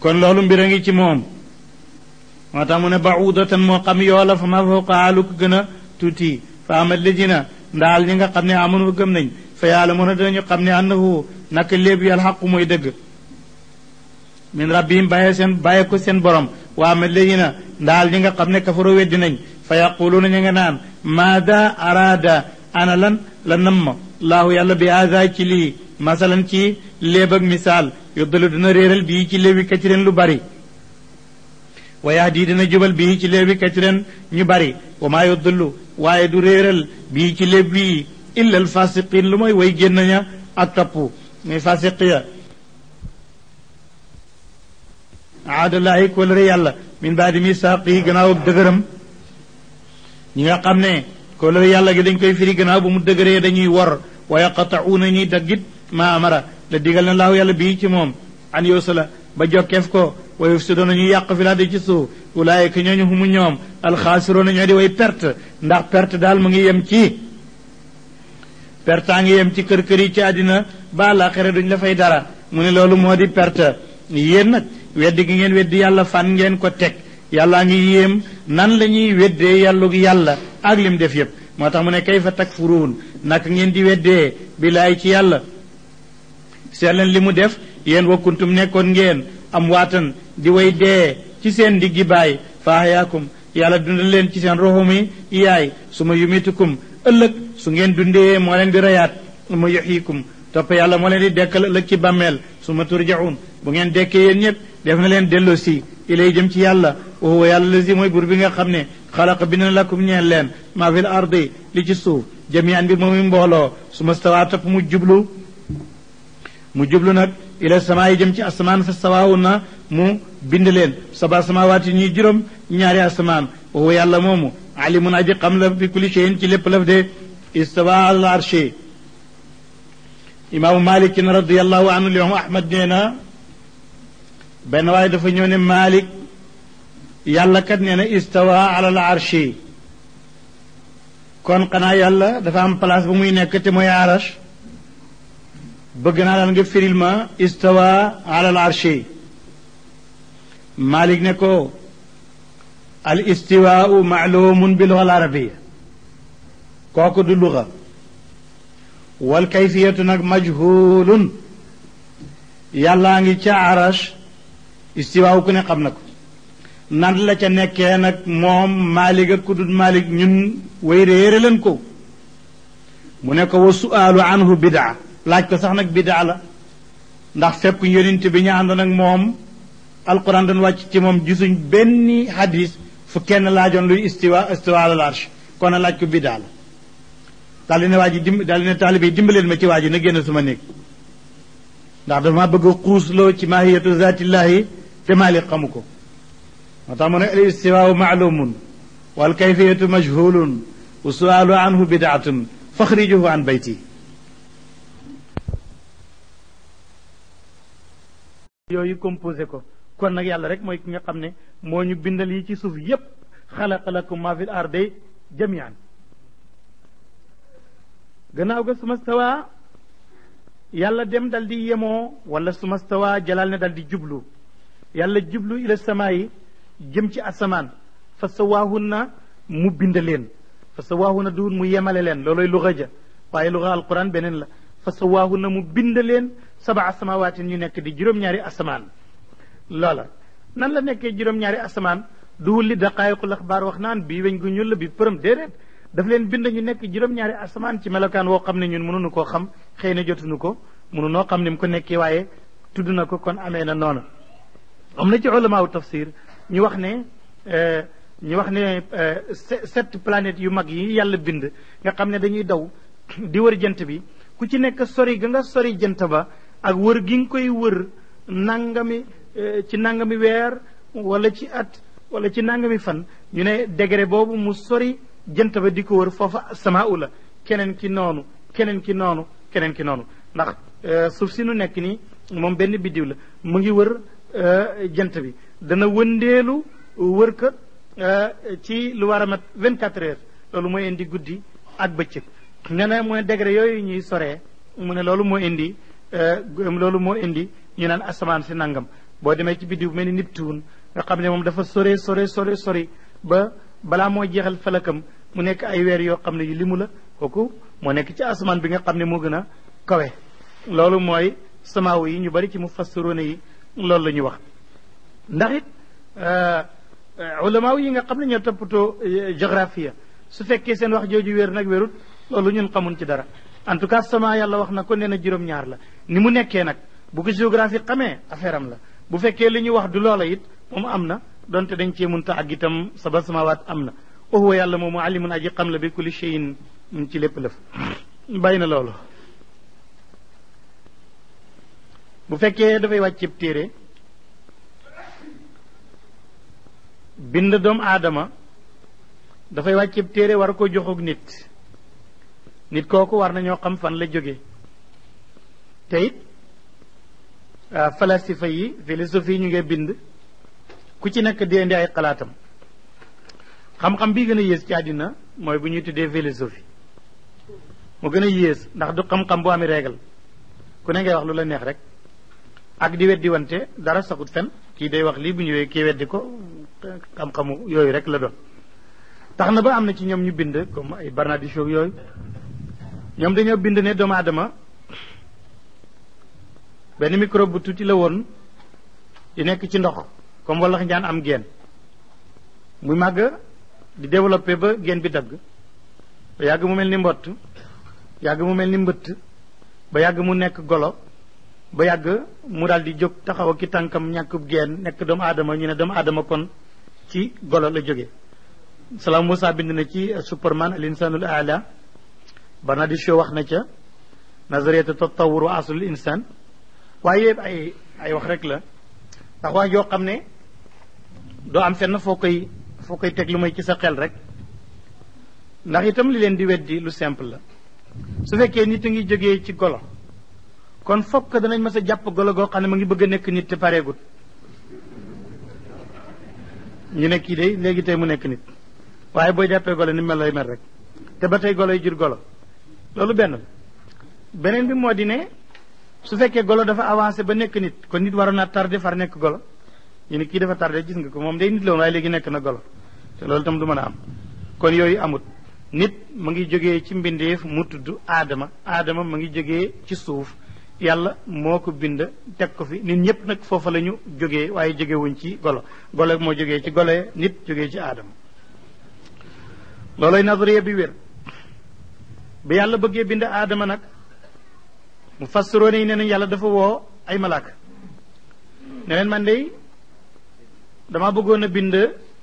kon loolu mbir a ngi ci moom moo tax mu ne baudatan moo xam yoo la fa ma fawqaa lu ko gën a tuuti fa amat lëjina ndaal ñi nga xam ne amoon gëm nañ fa yàlla mën a dinañu xam ne annahu naka léeb yàlla xaqu mooy dëgg min rabbihim bàyyi seen bàyyi ko seen borom waa ma léegi na ndaal ñi nga xam ne kafaroo weddi nañ fa yaquluuna ñu nga naan maada araada ana lan la nam laahu yàlla bi aza ci lii masalan ci léeb ak misaal yuddalu dina réeral bii ci léebi kacireen lu bari wa yahdi dina jubal bii ci léebi kacireen ñu bari wa maa yuddalu waaye du réeral bii ci léeb bii illal fasiqin lu mooy way génn ña ak topp muy fasiq ya aadalaahi kóllëre yàlla min baadi misaaq yi gannaaw ak dëgëram ñi nga xam ne kóllëre yàlla gi dañ koy firi gannaaw bu mu dëgëree dañuy wor wa yaqata'uuna ñuy daggit maa amara la digal na laahu yàlla bii ci moom an yow la ba jokkeef ko wa yufsiduna ñu yàq fi laadi ci suuf ulaayika ñooñu humu ñoom alxaasiroona ñoo di way perte ndax perte daal mu ngi yem ci perte a ngi yem ci kër kër yi ci àddina ba àllaaxira duñ la dara mu ne loolu moo di perte yéen nag weddi gi ngeen weddi yàlla fan ngeen ko teg yàllaa ngi yéem nan lañuy ñuy weddee yàllug yàlla ak lim def yépp moo tax mu ne kayfa takfuruun naka ngeen di weddee bilaay ci yàlla seet leen li mu def yéen wakkuntum nekkoon ngeen am waatan di way dee ci seen diggi baay fa ahyaakum yàlla dundal leen ci seen roxumi iyaay su ma yumitukum ëllëg su ngeen dundee moo leen di rayaat ma yuxiikum topp yàlla moo leen di dekkal ëllëg ci bàmmeel su ma turjaxun bu ngeen dekkee yéen ñëpp def na leen delloo si lay jëm ci yàlla wa huwa yàlla lazi mooy buur bi nga xam ne xalaqa bi na lakum neen leen maa fi l li ci suuf jamian bi moomu mbooloo su ma stawaa topp mu jublu mu jublu nag ila sama yi jëm ci asamaan fa sawaawu na mu bind leen saba samawaati ñuy juróom ñaari asamaan wa yàlla moomu alimun aji xam la fi kulli cheyin ci lépp laf de istawa al arshi imaamu malikin radiallahu anhu li moom ahmad nee na benn waaye dafa ñëw ne malik yàlla kat nee na istawa ala al arshi kon xanaa yàlla dafa am place bu muy nekk te mooy arash bëgg naa daal nga firil ma istawa alal arshi Malik ne ko al istiwaau maalumun bi luxal arabia kooku du luxa wal kayfiyatu nag majhulun yàllaa ngi ca arash istiwaawu ku ne xam na ko nan la ca nekkee nag moom Malik ak ku dul Malik ñun way réere leen ko mu ne ko wa su'aalu anhu bidaa laaj ko sax nag bidaa la ndax fekk yonent bi ñu àndoon nag moom alquran dañ wàcc ci moom gisuñ benn hadis fu kenn laajoon luy istiwa istiwa al arsh kon laaj ko bidaa la daal di ne waa ji dim daal di yi dimbaleen ma ci waa ji na génn sama néeg ndax dafa ma bëgg a xuusloo ci mahiyatu zaatillahi te xamu ko moo tax mu ne al maalumun wal kayfiyatu majhulun wa sualu anhu bidaatun faxrijuhu an bayti yooyu composé ko kon nag yàlla rek mooy ki nga xam ne moo ñu bindal yi ci suuf yépp xalaqa lakum ma fil ardi jamian gannaaw ga suma stawaa yàlla dem dal di yemoo wala suma stawaa jalaal ne dal di jublu yàlla jublu ila samaa yi jëm ci asamaan fa sawaahunna mu bind leen fa sawaahunna duun mu yemale leen looloy luxa ja waaye luxa alquran beneen la fa sawaahunna mu bind saba asamaawaatin ñu nekk di juróom-ñaari asamaan loola nan la nekkee juróom-ñaari asamaan duwul li daqaayiqul axbaar wax naan bii weñ gu ñuul la bi përëm déedéet daf leen bind ñu nekk juróom-ñaari asamaan ci melokaan woo xam ne ñun mënuñu koo xam xëy na jotuñu ko noo xam ni mu ko nekkee waaye tudd na ko kon amee na noonu am na ci ulamaawu tafsir ñu wax ne euh, ñu wax ne euh, sept planètes yu mag yi yàlla bind nga xam ne dañuy daw di wër jant bi ku ci nekk sori ga sori jant ba ak wër gi nga koy wër nangami eh, ci nangami weer walla ci at wala ci nangami fan ñu ne degré boobu mu sori jant bi di ko wër foofa sama u la keneen ki noonu keneen ki noonu keneen ki noonu ndax eh, suuf si nu nekk nii moom benn biddiw la mu ngi wër eh, jant bi dana wëndeelu wër ko ci lu war a mat vingt quatre heures loolu mooy indi guddi ak bëccëg nga ne mooy degré yooyu ñuy soree mu ne loolu moo indi Eh, lolu mo indi ñu naan asman ci nangam bo demee ci bidiw melni mel Neptune nga xamné mom dafa sore sore sore sori ba bala mo jéxal falakam mu nekk ay wër yo xamné ne limu la koku mo nekk ci asman bi nga xamné mo gëna kawé lolu kawe loolu samaaw yi ñu bari ci mufassiroona yi lolu lañu wax ndax it eh, ulamaaw yi nga xamné ne ñoo toppatoo eh, géographie ya, su fekkee seen wax joju wër nak wërut lolu ñun xamun ci dara en tout cas sama yalla wax na ko neena jurom ñaar la ni mu nekkee nag bu ko géographie xamee affaire am la bu fekkee li ñuy wax du loola it moom am na donte dañ cee mun ta ak itam saba samawaat am na wa huwa yàlla moomu alimun aji xam la bi kulli cheyin ci lépp lëf bàyyi na loolu bu fekkee dafay wàcc cib téere bind doomu aadama dafay wàcc cib téere war a ko joxug nit nit kooku war na ñoo xam fan la jóge te euh, it yi philosophe yi ñu ngi bind ku ci nekk di indi ay xalaatam xam-xam bi gën a yées ci àddina mooy bu ñuy tuddee philosophie mu gën a yées ndax du xam-xam bu ami régal ku ne ngay wax lu la neex rek ak di weddi wante dara saxut fen kii day wax lii bu ñëwee kii weddi ko xam-xamu yooyu rek la doon tax na ba am na ci ñoom ñu bind comme ay Bernard Shaw yooyu ñoom dañoo bind ne doomu aadama benn microbe bu tuuti la woon di nekk ci ndox comme walax njaan am geen mu màgg di développé ba geen bi dagg ba yàgg mu mel ni mbott yàgg mu mel ni mbëtt ba yàgg mu nekk golo ba yàgg mu daal di jóg taxaw ak ki tànkam ñàkkub geen nekk doomu aadama ñu ne doomu aadama kon ci golo la jóge salaam Moussa bind na ci superman al insanul ala Bernard wax na ca nazariyatu tatawur wa aslul insan waaye yëpp ay ay wax rek la ndax wax joo xam ne doo am fenn foo koy foo koy teg lu may ci sa xel rek ndax itam li leen di weddi lu simple la su fekkee nit ngi jógee ci golo kon fokk danañ mës a jàpp golo goo xam ne ngi bëgg a nekk nit te pareegut ñu ne kii de léegi tey mu nekk nit waaye booy jàppee golo ni mel lay mel rek te ba golo yi jur golo loolu benn bi moo di ne su fekkee golo dafa avancé ba nekk nit kon nit waroon naa tardé far nekk golo ñu ne kii dafa tardé gis nga ko moom day nit la waaye léegi nekk na golo te loolu tam du mën a am kon yooyu amut nit mu ngi jógee ci mbindeef mu tudd aadama aadama mu ngi jógee ci suuf yàlla moo ko bind teg ko fi nit ñëpp nag foofa lañu jógee waaye jóge wuñ ci golo golo moo jógee ci golo nit jógee ci aadama looloy nazariya bi wér bi yàlla bëggee bind aadama nag mu fassiroone yi nee nañ yàlla dafa woo ay malaaka ne leen man de dama bëggoon a bind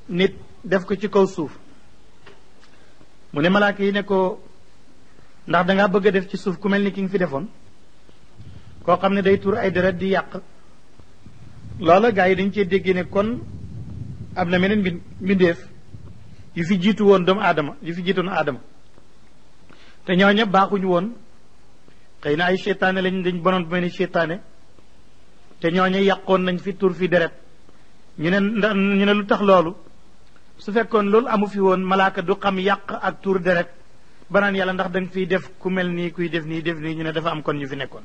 nit def ko ci kaw suuf mu ne malaaka yi ne ko ndax dangaa bëgg a def ci suuf ku mel ni ki nga fi defoon koo xam ne day tuur ay deret di yàq loola gars yi dañ cee déggee ne kon am na meneen mbindeef yu fi jiitu woon doomu aadama yu fi jiitoon aadama te ñooña baaxuñu woon xëy na ay seytaane lañ dañ bonoon bu mel ni seytaane te ñooñu yàqoon nañ fi tur fi deret ñu ne ñu ne lu tax loolu su fekkoon loolu amu fi woon malaaka du xam yàq ak tur deret banaan yàlla ndax danga fiy def ku mel nii kuy def nii def nii ñu ne dafa am kon ñu fi nekkoon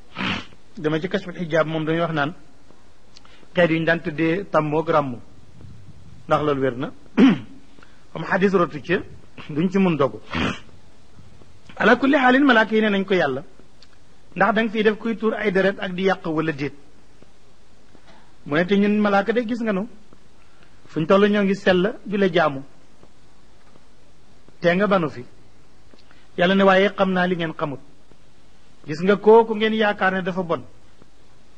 dama ci kasful xijaab moom dañuy wax naan xeet yu ñu daan tuddee tàmmoog ràmm ndax loolu wér na am xadis rotu ci duñ ci mun dogu ala kulli xaalin malaaka yi ne nañ ko yàlla ndax danga nga def kuy tuur ay deret ak di yàq walla déet mu ne te ñun malaaka de gis nga nu fuñ toll ñoo ngi sell di la jaamu te nga banu fi yàlla ne waaye xam naa li ngeen xamut gis nga kooku ngeen yaakaar ne dafa bon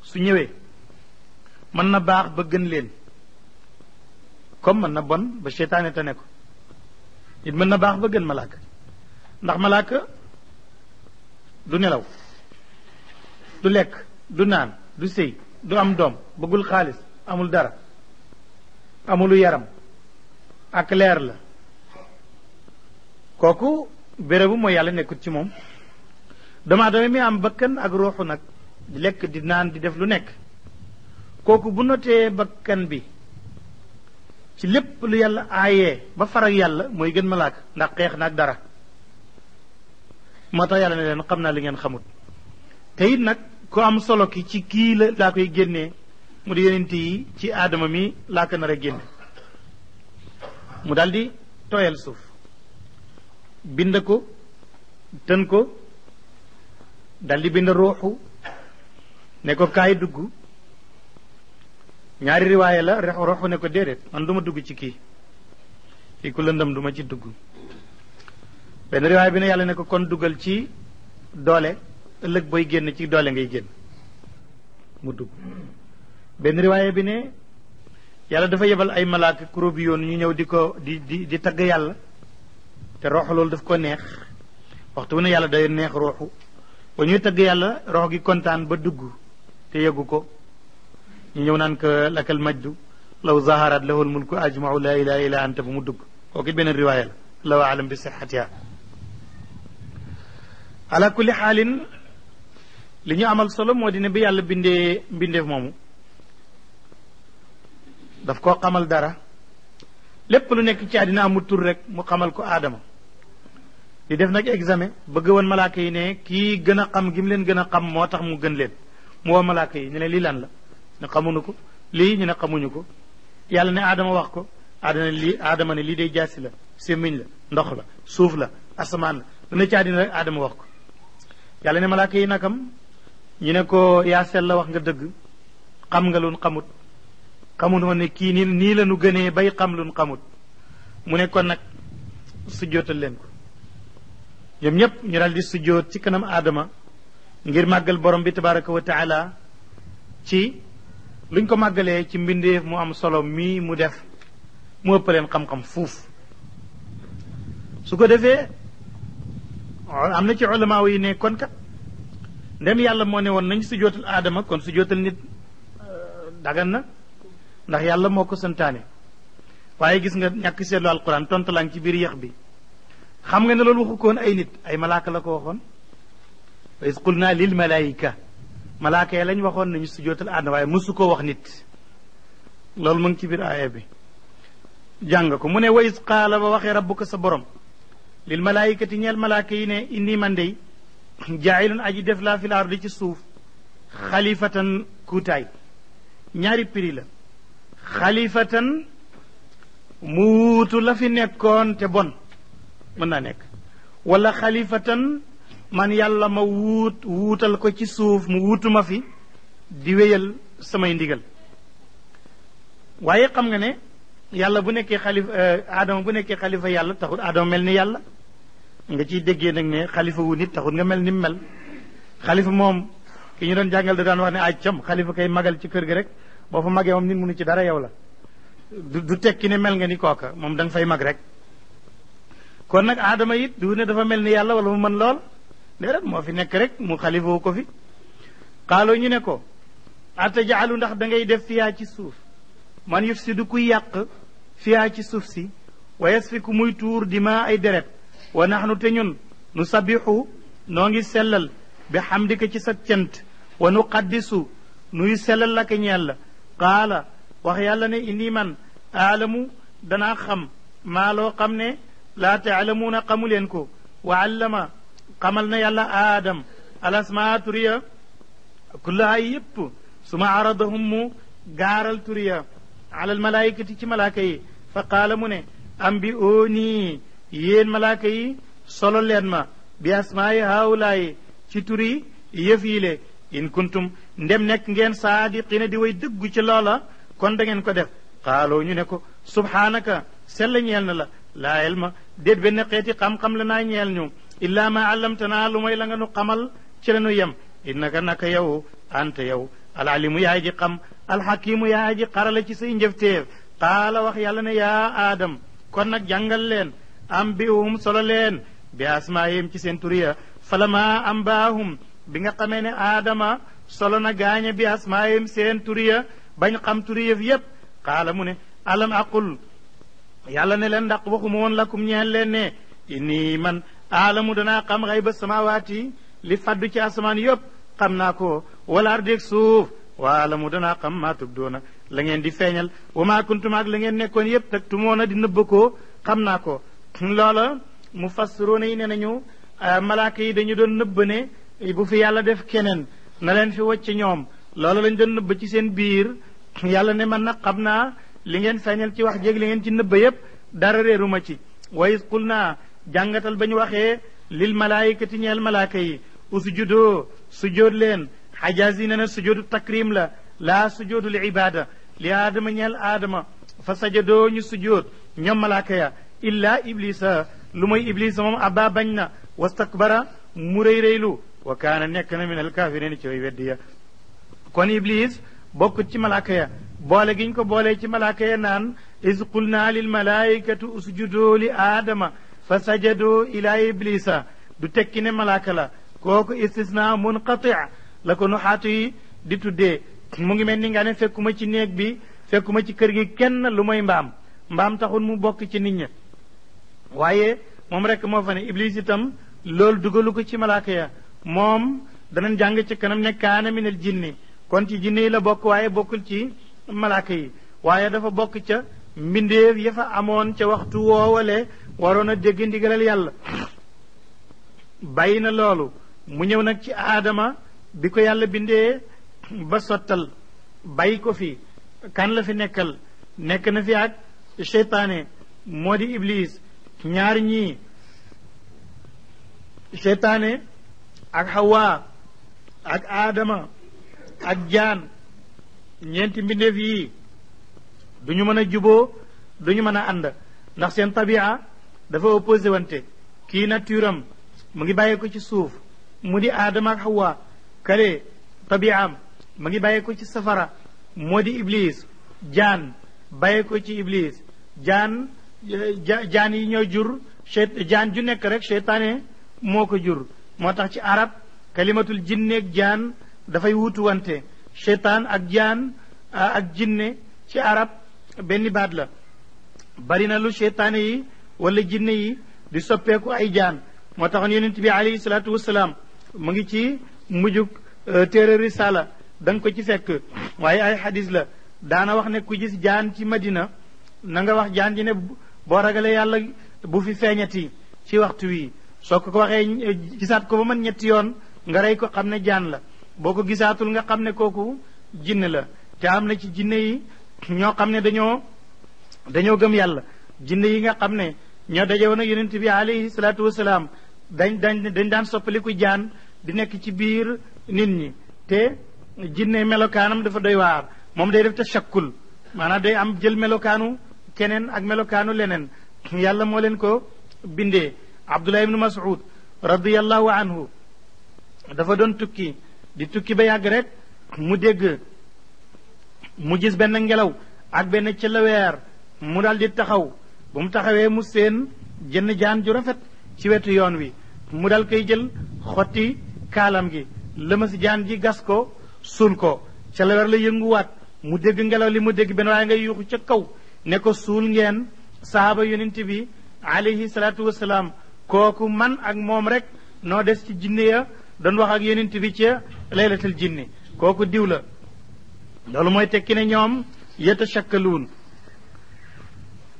su ñëwee mën na baax ba gën leen comme mën na bon ba seytaane te ne ko it mën na baax ba gën malaaka ndax malaaka du nelaw du lekk du naan du sëy du am doom bëggul xaalis amul dara amulu yaram ak leer la kooku bérébu mooy yàlla nekkut ci moom dama mi am bakkan ak ruuxu nag di lekk di naan di def lu nekk kooku bu notee bakkan bi ci lépp lu yàlla aayee ba farak yàlla mooy gën malaak ndax xeex na ak dara moo tax yàlla ne leen xam naa li ngeen xamut te nag ku am solo ki ci kii la laa koy génnee mu di yonent yi ci aadama mi laa ko nar a génne mu daldi tooyal suuf bind ko tën ko daldi bind ruuxu ne ko kaay dugg ñaari riwaaye la ruuxu ne ko déedéet man du dugg ci kii fii ku lëndëm duma ci dugg benn riwaay bi ne yàlla ne ko kon duggal ci doole ëllëg booy génn ci doole ngay génn mu dugg benn riwaaye bi ne yàlla dafa yebal ay malaaka kuróobi yoon ñu ñëw di ko di di di tagg yàlla te roxu loolu daf ko neex waxtu bu ne yàlla day neex roxu ba ñuy tagg yàlla rox gi kontaan ba dugg te yëgu ko ñu ñëw naan ko lakal majdu law zaharat lahul mulku ajmau la ilaha illa anta bu mu dugg kooku beneen riwaaya la law alam bi sixatiha kulli xaalin li ñu amal solo moo dina bi yàlla bindee mbindeef moomu daf koo xamal dara lépp lu nekk ci àddina amul tur rek mu xamal ko aadama di def nag examen bëgg woon malaaka yi ne kii gën a xam gi mu leen gën a xam moo tax mu gën leen mu woo malaaka yi ñu ne lii lan la ne xamuñu ko lii ñu ne xamuñu ko yàlla ne aadama wax ko aadama lii aadama ne lii de jaasi la sémmiñ la ndox la suuf la asamaan la lu ne ci rek aadama wax ko yàlla ne malaaka yi nakam ñu ne ko yaa la wax nga dëgg xam nga lun xamut xamunoo ne kii nii nii la nu gënee bay xam lun xamut mu ne kon nag sujjootal leen ko ñoom ñëpp ñu daal di sujjoot ci kanam aadama ngir màggal borom bi tabaraka wa taala ci luñ ko màggalee ci mbindeef mu am solo mii mu def mu ëpp leen xam-xam fuuf su ko defee am na ci ulamaa yi ne kon kat ndem yàlla moo ne woon nañ su jootal aadama kon su jootal nit euh, dagan na ndax yàlla moo ko santaane waaye gis nga ñàkk seetlu alquran tontu lañ ci biir yax bi xam nga ne loolu waxu ay nit ay malaaka la ko waxoon wa is qul naa lil malaayika malaaka ya lañ waxoon nañu su jootal aadama waaye mosu koo wax nit loolu mu ngi ci biir aaya bi jàng ko mu ne wa is qaala ba waxee ko sa borom lil malaayikati ñeel malaaka yi ne indi man dey jaayilun aji def laa fil ardi ci suuf xalifatan kuutaay ñaari pri la xalifatan mu wuutu la fi nekkoon te bon mën na nekk wala xalifatan man yàlla ma wuut wuutal ko ci suuf mu wutuma fi di wéyal samay ndigal waaye xam nga ne yàlla bu nekkee xalif aadama eh, bu nekkee xalifa yàlla taxul aadama mel ni yàlla nga ciy déggee nag ne xalifa wu nit taxul nga mel ni mu mel xalifa moom ki ñu doon jàngal da daan wax ne aj cam xalifa kay magal ci kër gi rek boo fa magee moom nit mënu ci dara yow la du du tekki ne mel nga ni kooka moom danga nga fay mag rek kon nag aadama it du ne dafa mel ni yàlla wala mu mën lool déedéet moo fi nekk rek mu xalifa wu ko fi xaaloo ñu ne ko atajaalu ndax da ngay def fiyaa ci suuf man yuf si du kuy yàq fiyaa ci suuf si wa yasfiku muy tuur di ay deret wa nahnu te ñun nu sabihu noo ngi sellal bi xamdika ci sa cant wa nu qaddisu nuy sellal laka ñeel qaala wax yàlla ne inni man aalamu danaa xam maa loo xam ne laa taalamuuna xamu leen ko wa allama xamal na yàlla aadam alasmaa turiya kullaha yëpp suma aradahum mu gaaral turiya ala almalaayikati ci malaaka yi fa qaala mu ne am bi nii yéen malaaka yi solo leen ma bi asmaayi haawulaayi ci turi yëf yi le in kuntum ndem nekk ngeen saadiqina di way dëggu ci loola kon da ngeen ko def xaaloo ñu ne ko subhaanaka sell ñeel na la laa ilma déet benn xeeti xam-xam la naa ñeel ñu illaa ma allamtanaa lu mooy la nga nu xamal ci la nu yem innaka naka yow anta yow alalimu yaay ji xam alxakimu yaay ji xarala ci say njëfteef qaala wax yàlla na ya aadam kon nag jàngal leen am biwum solo leen bi asmaayim ci seen tur ya falama am baahum bi nga xamee ne aadama solo na gaañe bi asmaayim seen tur bañ xam tur ya yépp xaala mu ne alam aqul yàlla ne leen ndax waxuma woon lakum ñeen leen ne inni man aalamu danaa xam xay ba samawaati li faddu ci asamaan yëpp xam naa ko wala ardéeg suuf wa aalamu danaa xam maa tubdoona la ngeen di feeñal wa maa kuntum ak la ngeen nekkoon yëpp teg tumoona di nëbba xam naa ko loola mufassiroona yi ne nañu ah, malaaka yi dañu doon nëbb ne eh, bu fi yàlla def keneen na leen fi wacc ñoom loolo lañ doon nëbb ci seen biir yàlla ne man nag xam naa li ngeen feeñal ci wax jéeg li ngeen ci nëbb yépp dara reeruma ci wa is qul naa jàngatal ba ñu waxee lil malaayikati ñeel malaaka yi usjudoo sujjóot leen xajaas yi ne na sujjóotu takrim la laa sujjóotu li ibaada li aadama aadama fa sajadoo ñu sujjóot ñoom malaaka ya illaa iblisa lu mooy iblisa moom abba bañ na wastakbara mu rëy rëylu wa kaana nekk na min alkaafiriina ci way weddi kon iblis bokkut ci malaaka ya boole giñ ko boolee ci malaaka ya naan is qulnaa lil malaikatu usjudoo li aadama fa sajadoo ila iblisa du tekki ne malaaka la kooku istisna munqati la ko nuxaatu yi di tuddee mu ngi mel ni ne fekkuma ci néeg bi fekkuma ci kër gi kenn lu mooy mbaam mbaam taxul mu bokk ci nit ña waaye moom rekk moo fa ne iblis itam loolu dugalu ko ci malaaka ya moom danañ jàng ca kanam ne kaana minal jinni kon ci jinne yi la bokk waaye bokkul ci malaaka yi waaye dafa bokk ca mbindeef ya fa amoon ca waxtu woowale waroon a dégg ndigalal yàlla bàyyi na loolu mu ñëw nag ci aadama bi ko yàlla bindee ba sottal bàyyi ko fi kan la fi nekkal nekk na fi ak seytaane moo di iblis ñaar ñii seytaane ak Hawa ak Adama ak jaan ñeenti mbindeef yi du ñu mën a juboo du ñu mën a ànd ndax seen tabia dafa opposé wante kii mu ngi bàyyee ci suuf mu di Adama ak Hawa kale tabiaam mu ngi bàyyee ci safara moo di Iblis jaan bàyyee ci Iblis jaan jaan yi ñooy jur chet jaan ju nekk rek cheytaane moo ko jur moo tax ci arab kalimatul jinneeg jaan dafay wutuwante cheytaan ak jaan ak jinne ci arab benn baat la bari na lu cheytaane yi wala jinne yi di soppeeku ay jaan moo taxoon yonent bi alayhi salaatu wasalaam mu ngi ci mujjug e, téere risala da nga ko ci sekk waaye ay xadis la daana wax ne ku gis jaan ci madina na nga wax jaan ji ne boo ragalee yàlla bu fi feeñati ci waxtu wi soo ko ko waxee eh, gisaat ko ba man ñetti yoon nga rey ko xam ne jaan la boo ko gisaatul nga xam ne kooku jinne la te am na ci jinne yi ñoo xam ne dañoo dañoo gëm yàlla jinne yi nga xam ne ñoo daje woon ak yonent bi alayhi salaatu wasalaam dañ dañ dañ daan soppaliku jaan di nekk ci biir nit ñi te jinne melokaanam dafa doy waar moom day def te shakkul maanaam day am jël melokaanu keneen ak melokaanu leneen yàlla moo leen ko bindee abdullah ibnu mas'ud radiallahu anhu dafa doon tukki di tukki ba yàgg rek mu dégg mu gis benn ngelaw ak benn ci la mu daal di taxaw bu mu taxawee mu seen jënn jaan ju rafet ci wetu yoon wi mu dal koy jël xotti kaalam gi lëmas jaan ji gas ko suul ko ca la la yënguwaat mu dégg ngelaw li mu dégg benn waaye ngay yuuxu ca kaw ne ko suul ngeen saaba yonent bi alayhi salaatu kooku man ak moom rek noo des ci jinne ya doon wax ak yonent bi ca laylatul jinni kooku diw la loolu mooy tekki ne ñoom yatashakkaluun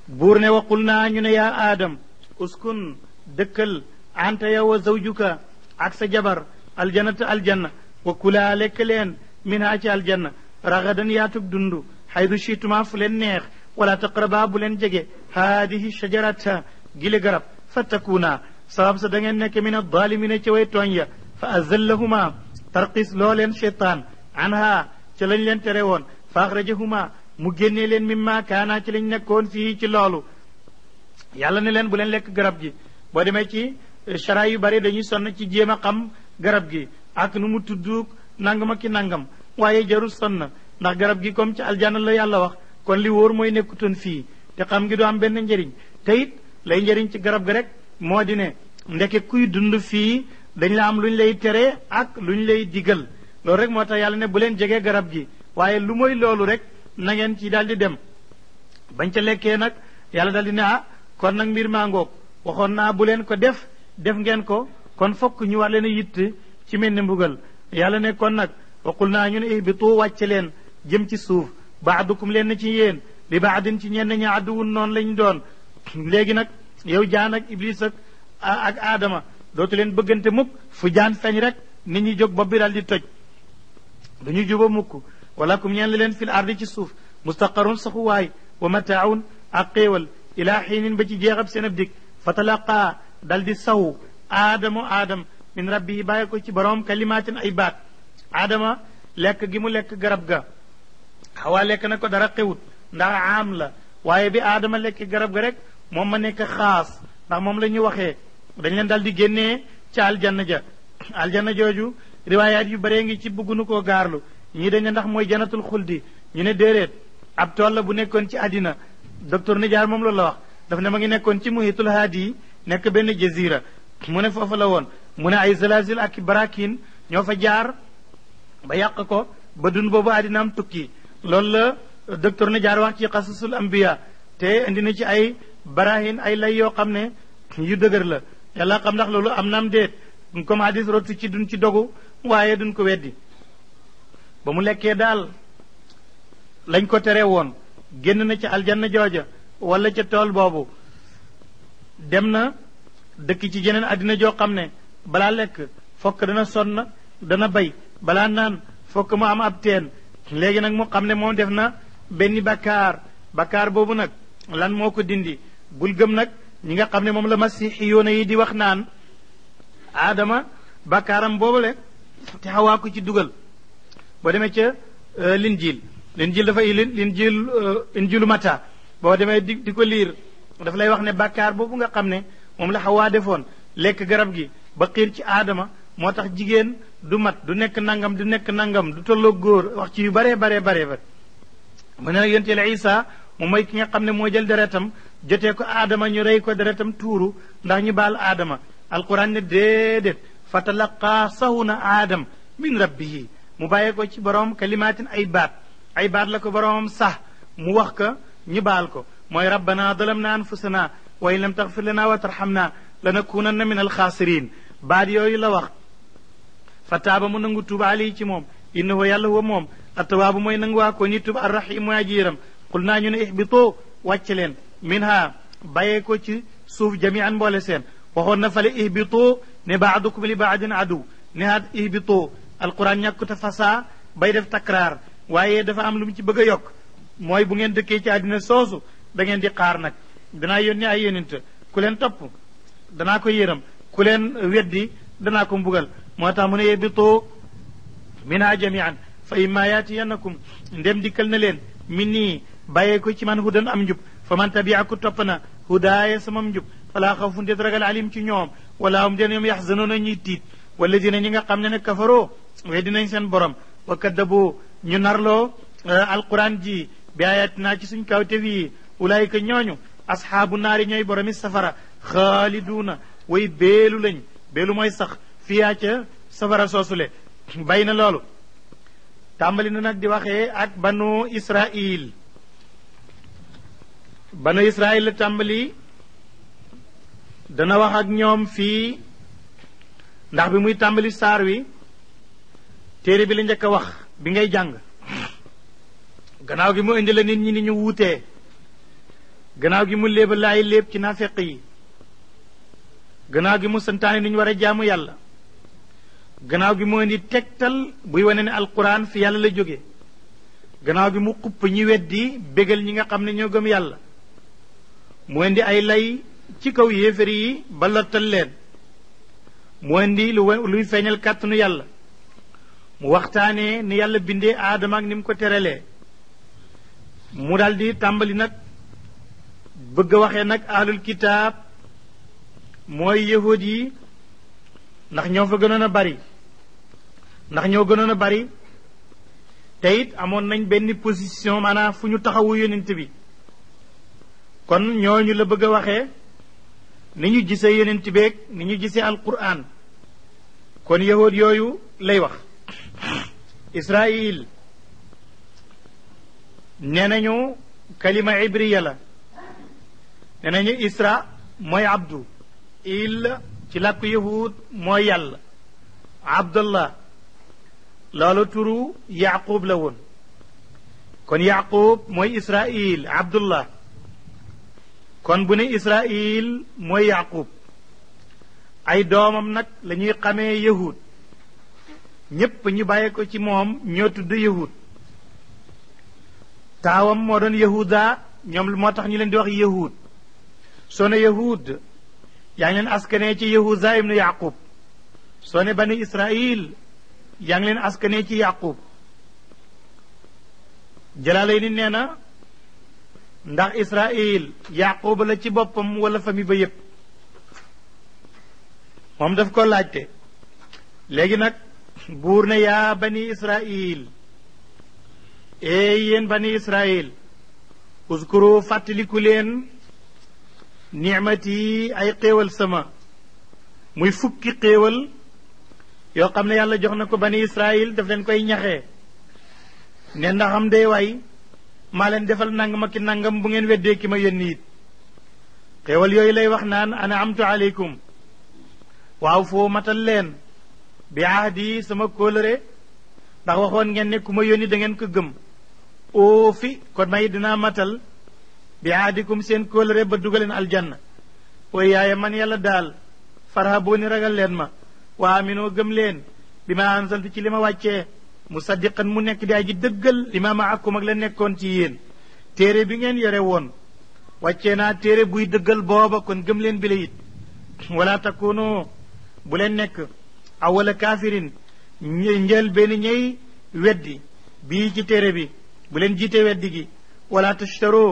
buur ne waqul naa ñu ne yaa aadam uskun dëkkal anta yow wa zawjuka ak sa jabar aljanata aljanna wa kulaa lekk leen minhaa ci aljanna ragadan yaatug dund xaydu shiituma fu leen neex ولا تقربا بولن جگه هذه الشجرة جل غرب فتكونا سبب سدنك من الظالمين چوي توانيا فأزلهما ترقص لولن شيطان عنها چلن لن تريون فأخرجهما مجني لن مما كانا چلن نكون فيه چلالو yàlla ne leen bu leen lekk garab gi boo demee ci chara yu bari dañuy sonn ci jéem a xam garab gi ak nu mu tudd nangam ak ki nangam waaye jarul sonn ndax garab gi comme ci aljanna la yàlla wax kon li wóor mooy nekkutoon fii te xam ngi du am benn njariñ te it lay njëriñ ci garab gi rek moo di ne ndeke kuy dund fii dañ la am lu ñu lay tere ak lu ñu lay digal loolu rek moo tax yàlla ne bu leen jegee garab gi waaye lu mooy loolu rek na ngeen ci daal di dem bañ ca lekkee nag yàlla daal di ne ah kon nag mbir maa ngoog waxoon naa bu leen ko def def ngeen ko kon fokk ñu war leen a yitt ci mel ni mbugal yàlla ne kon nag waqul naa ñu ne ihbitu wàcce leen jëm ci suuf baadukum leen ci yéen li baadin ci ñenn ñi àdduwun noonu lañ doon léegi nag yow jaan ak iblis ak ak aadama dootu leen bëggante mukk fu jaan sañ rek nit ñi jóg bopp bi daal di toj duñu juba mukk walakum ñeen leen fil ardi ci suuf mustaqarun saxuwaay wa mataaun ak xéewal ilaa xiinin ba ci jeexab seen ab dig fatalaqaa dal di saw aadamu aadam min rabbihi bàyyi ko ci borom kalimaatin ay baat aadama lekk gi mu lekk garab ga xawaa lekk na ko dara xewut ndax aam la waaye bi aadama lekk garab ga rek moom ma nekk xaas ndax moom la ñu waxee dañ leen daal di génnee ca aljanna ja aljana jooju riwaayaat yu bëree ngi ci bëggunu koo gaarlu ñii dañ la ndax mooy janatul xuldi ñu ne déeréet ab tool la bu nekkoon ci àddina docteur Nijaar moom loolu la wax daf ne ma ngi nekkoon ci muhitul haadi yi nekk benn jazira mu ne foofu la woon mu ne ay zalazil ak barakin ñoo fa jaar ba yàq ko ba dun boobu àddina am tukki loolu la docteur Nijaar wax ci xasasul ambiya te indi na ci ay barahin ay lay yoo xam ne yu dëgër la yàlla xam ndax loolu am naam déet comme hadis rotti ci duñ ci dogu waaye duñ ko weddi ba mu lekkee daal lañ ko tere woon génn na ca aljanna jooja wala ca tool boobu dem na dëkk ci jeneen àddina joo xam ne balaa lekk fokk dana sonn dana bay balaa naan fokk mu am ab teen léegi nag mu xam ne moom def na benn bakkaar bakkaar boobu nag lan moo ko dindi bul gëm nag ñi nga xam ne moom la masiix yoona yi di wax naan aadama bakkaaram boobule te xawaa ko ci dugal boo deme ca euh, linjiil linjiil dafa linjiil euh, injiilu mata boo demee di di ko liir daf lay wax ne bakkaar boobu nga xam ne moom la xawaa defoon lekk garab gi ba xiir ci aadama moo tax jigéen du mat du nekk nangam du nekk nangam du tolloo góor wax ci yu baree baree baree ba mu ne nag yonte la Isa mu mooy ki nga xam ne moo jël deretam jote ko aadama ñu rey ko deretam tuuru ndax ñu baal aadama alquran ne déedéet fa talaqaa na aadam min rabbihi mu bàyyee ko ci borom kalimaatin ay baat ay baat la ko boroomam sax mu wax ko ñu baal ko mooy rabbana dalamna anfusana wa in lam taxfir lana wa na lanakunanna min alxaasirin baat yooyu la wax fa taaba mu nangu tuuba ali ci moom innahu yàlla wa moom attawaabu mooy nangu waa ko ñi tuuba arrahim mooy aji yëram qul naa ñu ne ihbitoo wàcc leen min ha bàyyee ko ci suuf jamian mboole seen waxoon na fale ihbitoo ne baadukum li baadin adu ne haat ihbitoo alquran ñàkkute fasaa bay def takraar waaye dafa am lu mu ci bëgg a yokk mooy bu ngeen dëkkee ci àddina soosu da ngeen di xaar nag danaa yónni ay yónint ku leen topp danaa ko yërëm ku leen weddi danaa ko mbugal موتا من يبطو منها جميعا فإما ياتينكم ندم ديكلنا لين مني بايكو من هدن أمجب فمن تبعكو تبنا هدايا سممجب فلا خوف ديت رجل عليم تي نيوم ولا هم دين يوم يحزنون ني تيت والذين نيغا قامنا كفروا ويدنا سن برام وكذبوا ني آه، القران جي بآياتنا تي سن كاوتي اولئك نيونو اصحاب النار ني برام السفر خالدون وي بيلو لن بيلو ماي سخ fiyaa ca safara soosule bay na loolu tàmbali na nag di waxe ak banu israil banu israil la tàmbali dana wax ak ñoom fii ndax bi muy tàmbali saar wi téere bi la njëkk a wax bi ngay jàng gannaaw gi mu indi la nit ñi ni ñu wuutee gannaaw gi mu léeba léeb ci naafeq yi gannaaw gi mu santaane ni ñu war a jàmm yàlla gannaaw gi moo indi tegtal buy wone ne alquran fi yàlla la jóge gannaaw gi mu xupp ñi weddi bégal ñi nga xam ne ñoo gëm yàlla mu indi ay lay ci kaw yéefari yi ba lottal lu luy feeñal kàttanu yàlla mu waxtaanee ni yàlla bindee aadama ak ni mu ko teralee mu daldi tàmbali nag bëgg a waxee nag ahlul kitaab mooy yahud yi ndax ñoo fa gënoon a bari ndax ñoo gënoon a bari te amoon nañ benn position maanaam fu ñu taxawu yonent bi kon ñooñu la bëgg a waxee ni ñu gisee yonent beeg ni ñu gisee alquran kon yahood yooyu lay wax israil nee nañu kalima ibriya la nee nañu isra mooy abdu il ci làkku yahuud moo yàlla abdullah loolu turu yaqub la woon kon yaqub mooy israil abdullah kon bu ne israil mooy yaqub ay doomam nag lañuy ñuy xamee yahuud ñépp ñu bàyyi ko ci moom ñoo tudd yahuud taawam moo doon yahuda ñoom moo tax ñu leen di wax yahuud soo ne yahuud yaa ngi leen askane ci yahuza ibnu yaqub soo ne bani israil yaa ngi leen askane ci yaqub jëlaalay ni nee na ndax israil yaqub la ci boppam wala fami ba yëpp moom daf ko laajte léegi nag buur na yaa bani israil ee eh yéen bani israil uskuru fàttaliku leen nicmati ay xéewal sama muy fukki xéewal yoo xam ne yàlla jox na ko bani israil def leen koy ñaxee ne ndaxam dee waay maa leen defal nangam ak nangam bu ngeen weddee ki ma yónni it xéewal yooyu lay wax naan ana amtu aleykum waaw foo matal leen bi ahdi sama kóolëre ndax waxoon ngeen ne ku ma yónni da ngeen ko gëm fi kon may dinaa matal bi aadikum seen kóolëre ba dugaleen aljanna way yaaye man yàlla daal farhabuni ragal leen ma wa aminoo gëm leen bi ma anzaltu ci lima ma mu musaddiqan mu nekk di aji dëggal li ma ma akkum nekkoon ci yéen téere bi ngeen yore woon wàccee naa téere buy dëggal booba kon gëm leen bi la it wala takunu bu leen nekk awala kaafirin njël benn ñey weddi bii ci téere bi bu leen jiite weddi gi wala tashtaro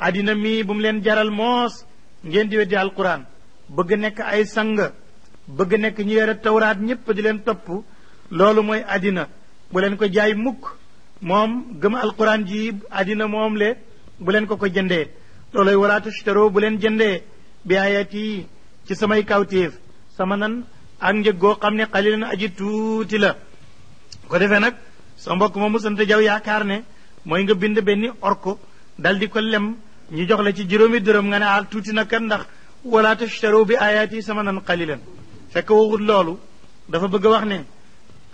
àddina mii bu mu leen jaral moos ngeen di weddi alquran bëgg nekk ay sang bëgg nekk ñi yore tawraat ñëpp di leen topp loolu mooy àddina bu leen ko jaay mukk moom gëm alquran ji àddina moom le bu leen ko ko jëndee looloy walaa tushtaroo bu leen jëndee bi ayat yi ci samay kawtéef sama nan ak njëg goo xam ne xalilan aji tuuti la ko defee nag sa mbokk moom sant jaw yaakaar ne mooy nga bind benn orko dal di ko lem ñu jox la ci juróomi dërëm nga ne al tuuti na kat ndax wala tashtaru bi ayati samanan qalilan fekk waxut loolu dafa bëgg wax ne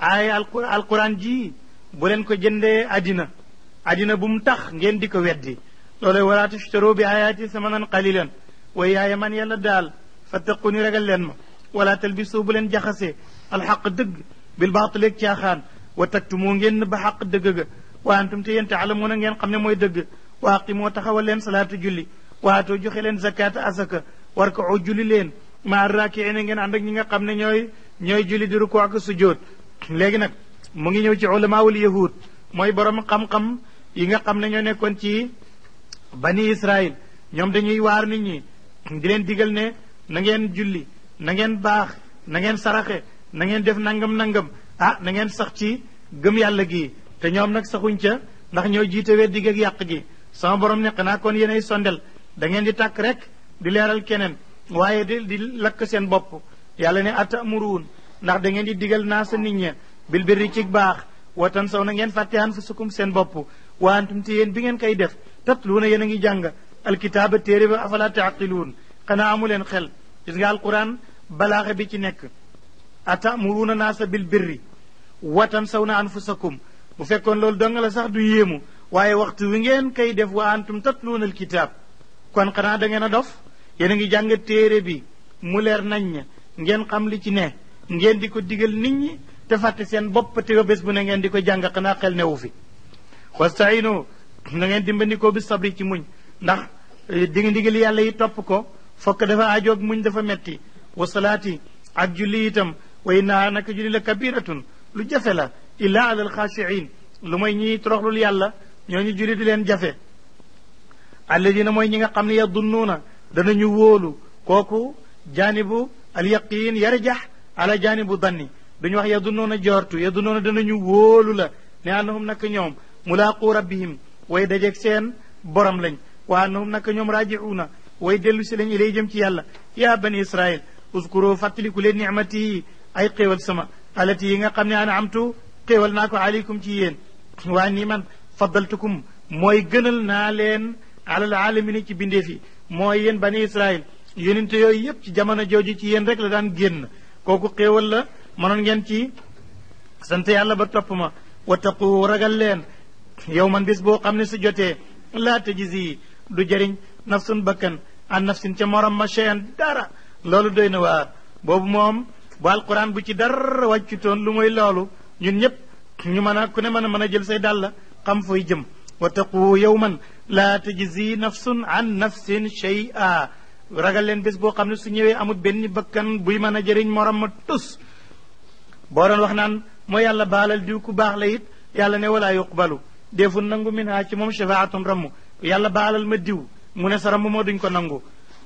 aaya alquran ji bu leen ko jëndee adina adina bu mu tax ngeen di ko weddi loolu wala tashtaru bi ayati samanan qalilan way yaaya man yàlla daal fattaqu ragal leen ma wala talbisu bu leen jaxasee alxaq dëgg bil baatil baatileeg caaxaan wa taktumu ngeen ba xaq dëgg ga wa antum te yéen taalamuuna ngeen xam ne mooy dëgg wa aqimoo taxawal leen salaatu julli waatoo joxe len zakata asaka war ko len julli leen maa raakiina ngeen ànd ak ñi nga xam ne ñooy julli di ruku ak sujjoot legi nak mu ngi ñew ci wal yahud moy borom xam-xam yi nga xamne ñoo ci bani israël ñom dañuy waar nit ñi di len digal ne na ngeen julli na ngeen bax na ngeen saraxé na ngeen def nangam nangam ah na ngeen sax ci gëm yalla gi te ñom nak saxuñ ca ndax ñoy jité yaq gi sama borom ne xana kon yéenay sondel da ngeen di tak rek di leral kenen waye di di lak sen bop yalla ne atamurun ndax da ngeen di digal naa sa nit ñe bil birri ci baax watan saw na ngeen fàtte an fusukum sen bop wa antum ti yéen bi ngeen kay def tatluuna yéen a ngi al kitab tere ba afala taqilun qana amulen leen xel gis nga qur'an balaghe bi ci nek atamuruna bil birri watan saw anfusakum bu lol loolu dong la sax du yemu waaye waxtu wi ngeen koy def wa antum tatluuna alkitaab kon xanaa da ngeen a dof yéen a ngi jàng téere bi mu leer nañ ngeen xam li ci ne ngeen di ko digal nit ñi te fàtte seen bopp te bés bu na ngeen di ko jàng xanaa xel newu fi wastainu na ngeen dimbandikoo bi sabri ci muñ ndax eh, di ndigal yàlla yi topp ko fokk dafa ajoog muñ dafa metti wa salaati ak julli itam way naa naka julli la kabiratun lu jafe la illa alal xaashiin lu may ñiy toroxlul yàlla ñooñu julli di leen jafe alladina mooy ñi nga xam ne dana ñu woolu kooku jaanibu al yaqiin yarjax ala jaanibu danni duñu wax yadunnuuna jortu yadunnuuna danañu wóolu la ne annahum nak ñoom mulaaqu rabbihim way dajeeg seen borom lañ wa annahum nak ñoom raajiuuna way dellu si lañ ilay jëm ci yàlla yaa bani israil uskuru fàttaliku leen nicmati ay xéewal sama alati yi nga xam ne an tu xéewal naa ko aleykum ci yéen waa nii man faddaltukum mooy gënal naa leen alal aalamina ci bindee fi mooy yéen bani israil yonente yooyu yépp ci jamono jooju ci yéen rek la daan génn kooku xéewal la mënoon ngeen ci sant yàlla ba topp ma wattaqu ragal leen yow man bis boo xam ne si jotee laa si du jëriñ nafsun bakkan an nafsin ca morom ma cheyan dara loolu doy na waar boobu moom bu alquran bu ci dara wàccutoon lu mooy loolu ñun ñëpp ñu mën a ku ne mën a mën a jël say dàll xam fuy jëm wattaqu yawman laa tajzi nafsun an nafsin shay'a ragal leen bés boo xam ne su ñëwee amul benn bakkan buy mën a jëriñ morom ma tus boo doon wax naan moo yàlla baalal diw ku baax la it yàlla ne walaa yuqbalu deeful nangu min haa ci moom shafaatum ramm yàlla baalal ma diw mu ne sa ramm moo duñ ko nangu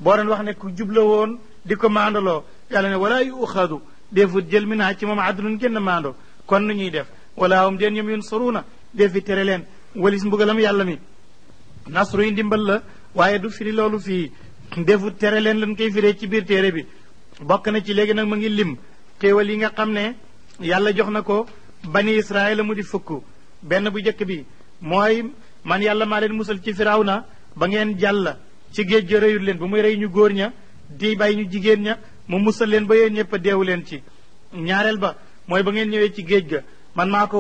boo doon wax ne ku jubla woon di ko maandoloo yàlla ne walaa yuuxadu deeful jël min haa ci moom adlun génn maando kon nu ñuy def walaa hum deen ñoom yunsaruuna def fi tere leen walis mbugalam yàlla mi nasru yi ndimbal la waaye du firi loolu fii defu tere leen lan koy firee ci biir téere bi bokk na ci léegi nag mu ngi lim xéewal yi nga xam ne yàlla jox na ko bani israila mu di fukk benn bu njëkk bi mooy man yàlla maa leen musal ci firaw na ba ngeen jàll ci géej gi rëyul leen ba muy rey ñu góor ña di bàyyi ñu jigéen ña mu musal leen ba yéen ñëpp deewu leen ci ñaareel ba mooy ba ngeen ñëwee ci géej ga man maa ko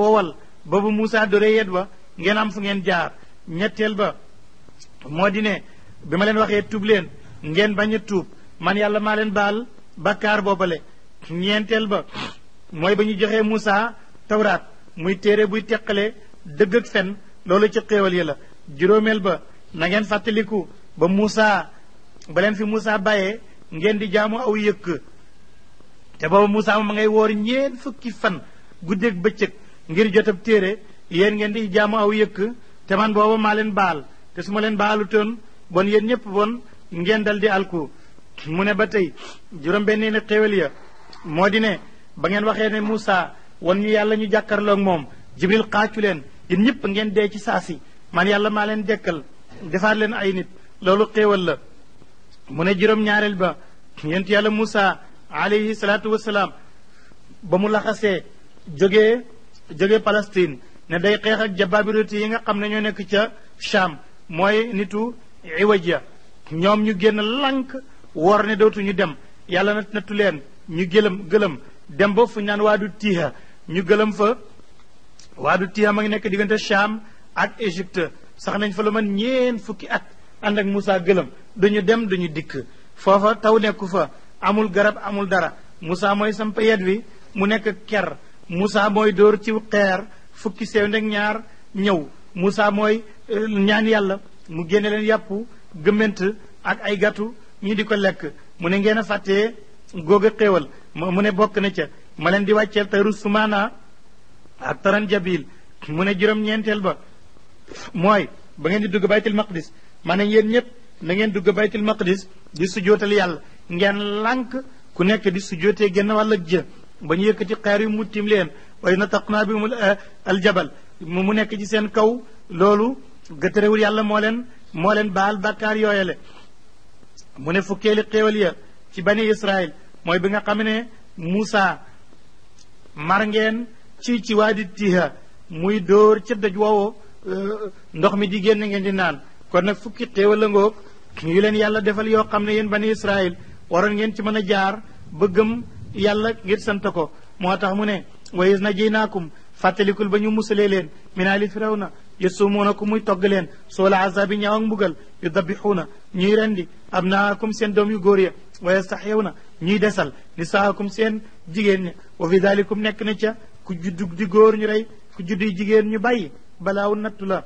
babu Musa do doree yet ba ngeen am fu ngeen jaar ñettel ba moo di ne bi ma leen waxee tub leen ngeen bañ a tuub man yàlla maa leen baal bakkaar boobale ñeenteel ba mooy ba ñu joxee Moussa tawraat muy téere buy teqale dëgg ak fen loolu ci xéewal yi la juróomeel ba na ngeen fàttaliku ba Moussa ba leen fi Moussa bàyyee ngeen di jaamu aw yëkk te booba Moussa ma ngay woor ñeen fukki fan guddeeg bëccëg ngir jotab téere yéen ngeen di jaamu aw yëkk te man booba maa leen baal te su ma leen baalu toon bon yéen ñëpp bon ngeen dal di alku mu ne ba tey juróom-benni ne xéwal ya moo di ne ba ngeen waxee ne Moussa won ñu yàlla ñu jàkkarloog moom Jibril xaacu leen yéen ñëpp ngeen dee ci saasi man yàlla maa leen dekkal defaat leen ay nit loolu xéewal la mu ne juróom-ñaareel ba yent yàlla musa alayhi salaatu wasalaam ba mu laxasee jógee jóge palestine ne day xeex ak jabaabirati yi nga xam ñoo ca sham moy nitu iwaja ya. ñom ñu genn lank wor ne ñu dem yalla na natu len ñu gëlëm gëlëm dem bo fu ñaan waadu tiha ñu gëlëm fa waadu tiha ma ngi nek diggante sham ak égypte sax nañ fa lu man ñeen fukki at and ak musa gëlëm duñu dem duñu dik fofa taw nekku amul garab amul dara Musa moy sam payet wi mu nek ker Moussa mooy dóor ci xeer fukki sew ndeg ñaar ñëw Moussa mooy eh, ñaan yàlla mu génne leen yàpp gëmmant ak ay gàttu ñu di ko lekk mu ne ngeen a fàttee góog a xéewal mu ne bokk na ca ma leen di wàcceel taru sumaana ak taran jabil mu ne juróom-ñeenteel ba mooy ba ngeen di dugg baytul maqdis maanaam ngeen ñëpp na ngeen dugg baytul maqdis di sujootal yàlla ngeen lànk ku nekk di sujootee genn wàll jë ba ñu yëkkati xeer yu mu tim leen way na takk naa bi mu aljabal mu nekk ci seen kaw loolu gëtëréwul yàlla moo leen moo leen baal bàkkaar yooyale mu ne fukkeeli xéewal ya ci bani israil mooy bi nga xam ne Moussa mar ngeen ci ci waadi tiha muy dóor ca daj woowo euh, ndox mi di génn ngeen di naan kon nag fukki xéewal la ngoog yu leen yàlla defal yoo xam ne yéen bani israil waroon ngeen ci mën a jaar bëggam yàlla ngir sant ko moo tax mu ne wayis na jinaakum fàttalikul ba ñu musalee leen min ali firawna na ko muy togg leen soola azabi ñaaw ak mbugal yu dabixuuna ñuy rendi abnaakum seen doom yu góor ya sax wa na ñuy desal nisaakum seen jigéen ña wa fi dalikum nekk na ca ku juddu di góor ñu rey ku juddu jigéen ñu bàyyi balaawu nattu la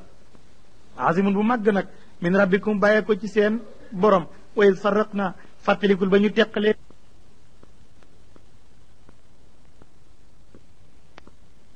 azimun bu màgg nag min rabbikum bàyyee ko ci seen borom wa na farraqna fàttalikul ba ñu teqalee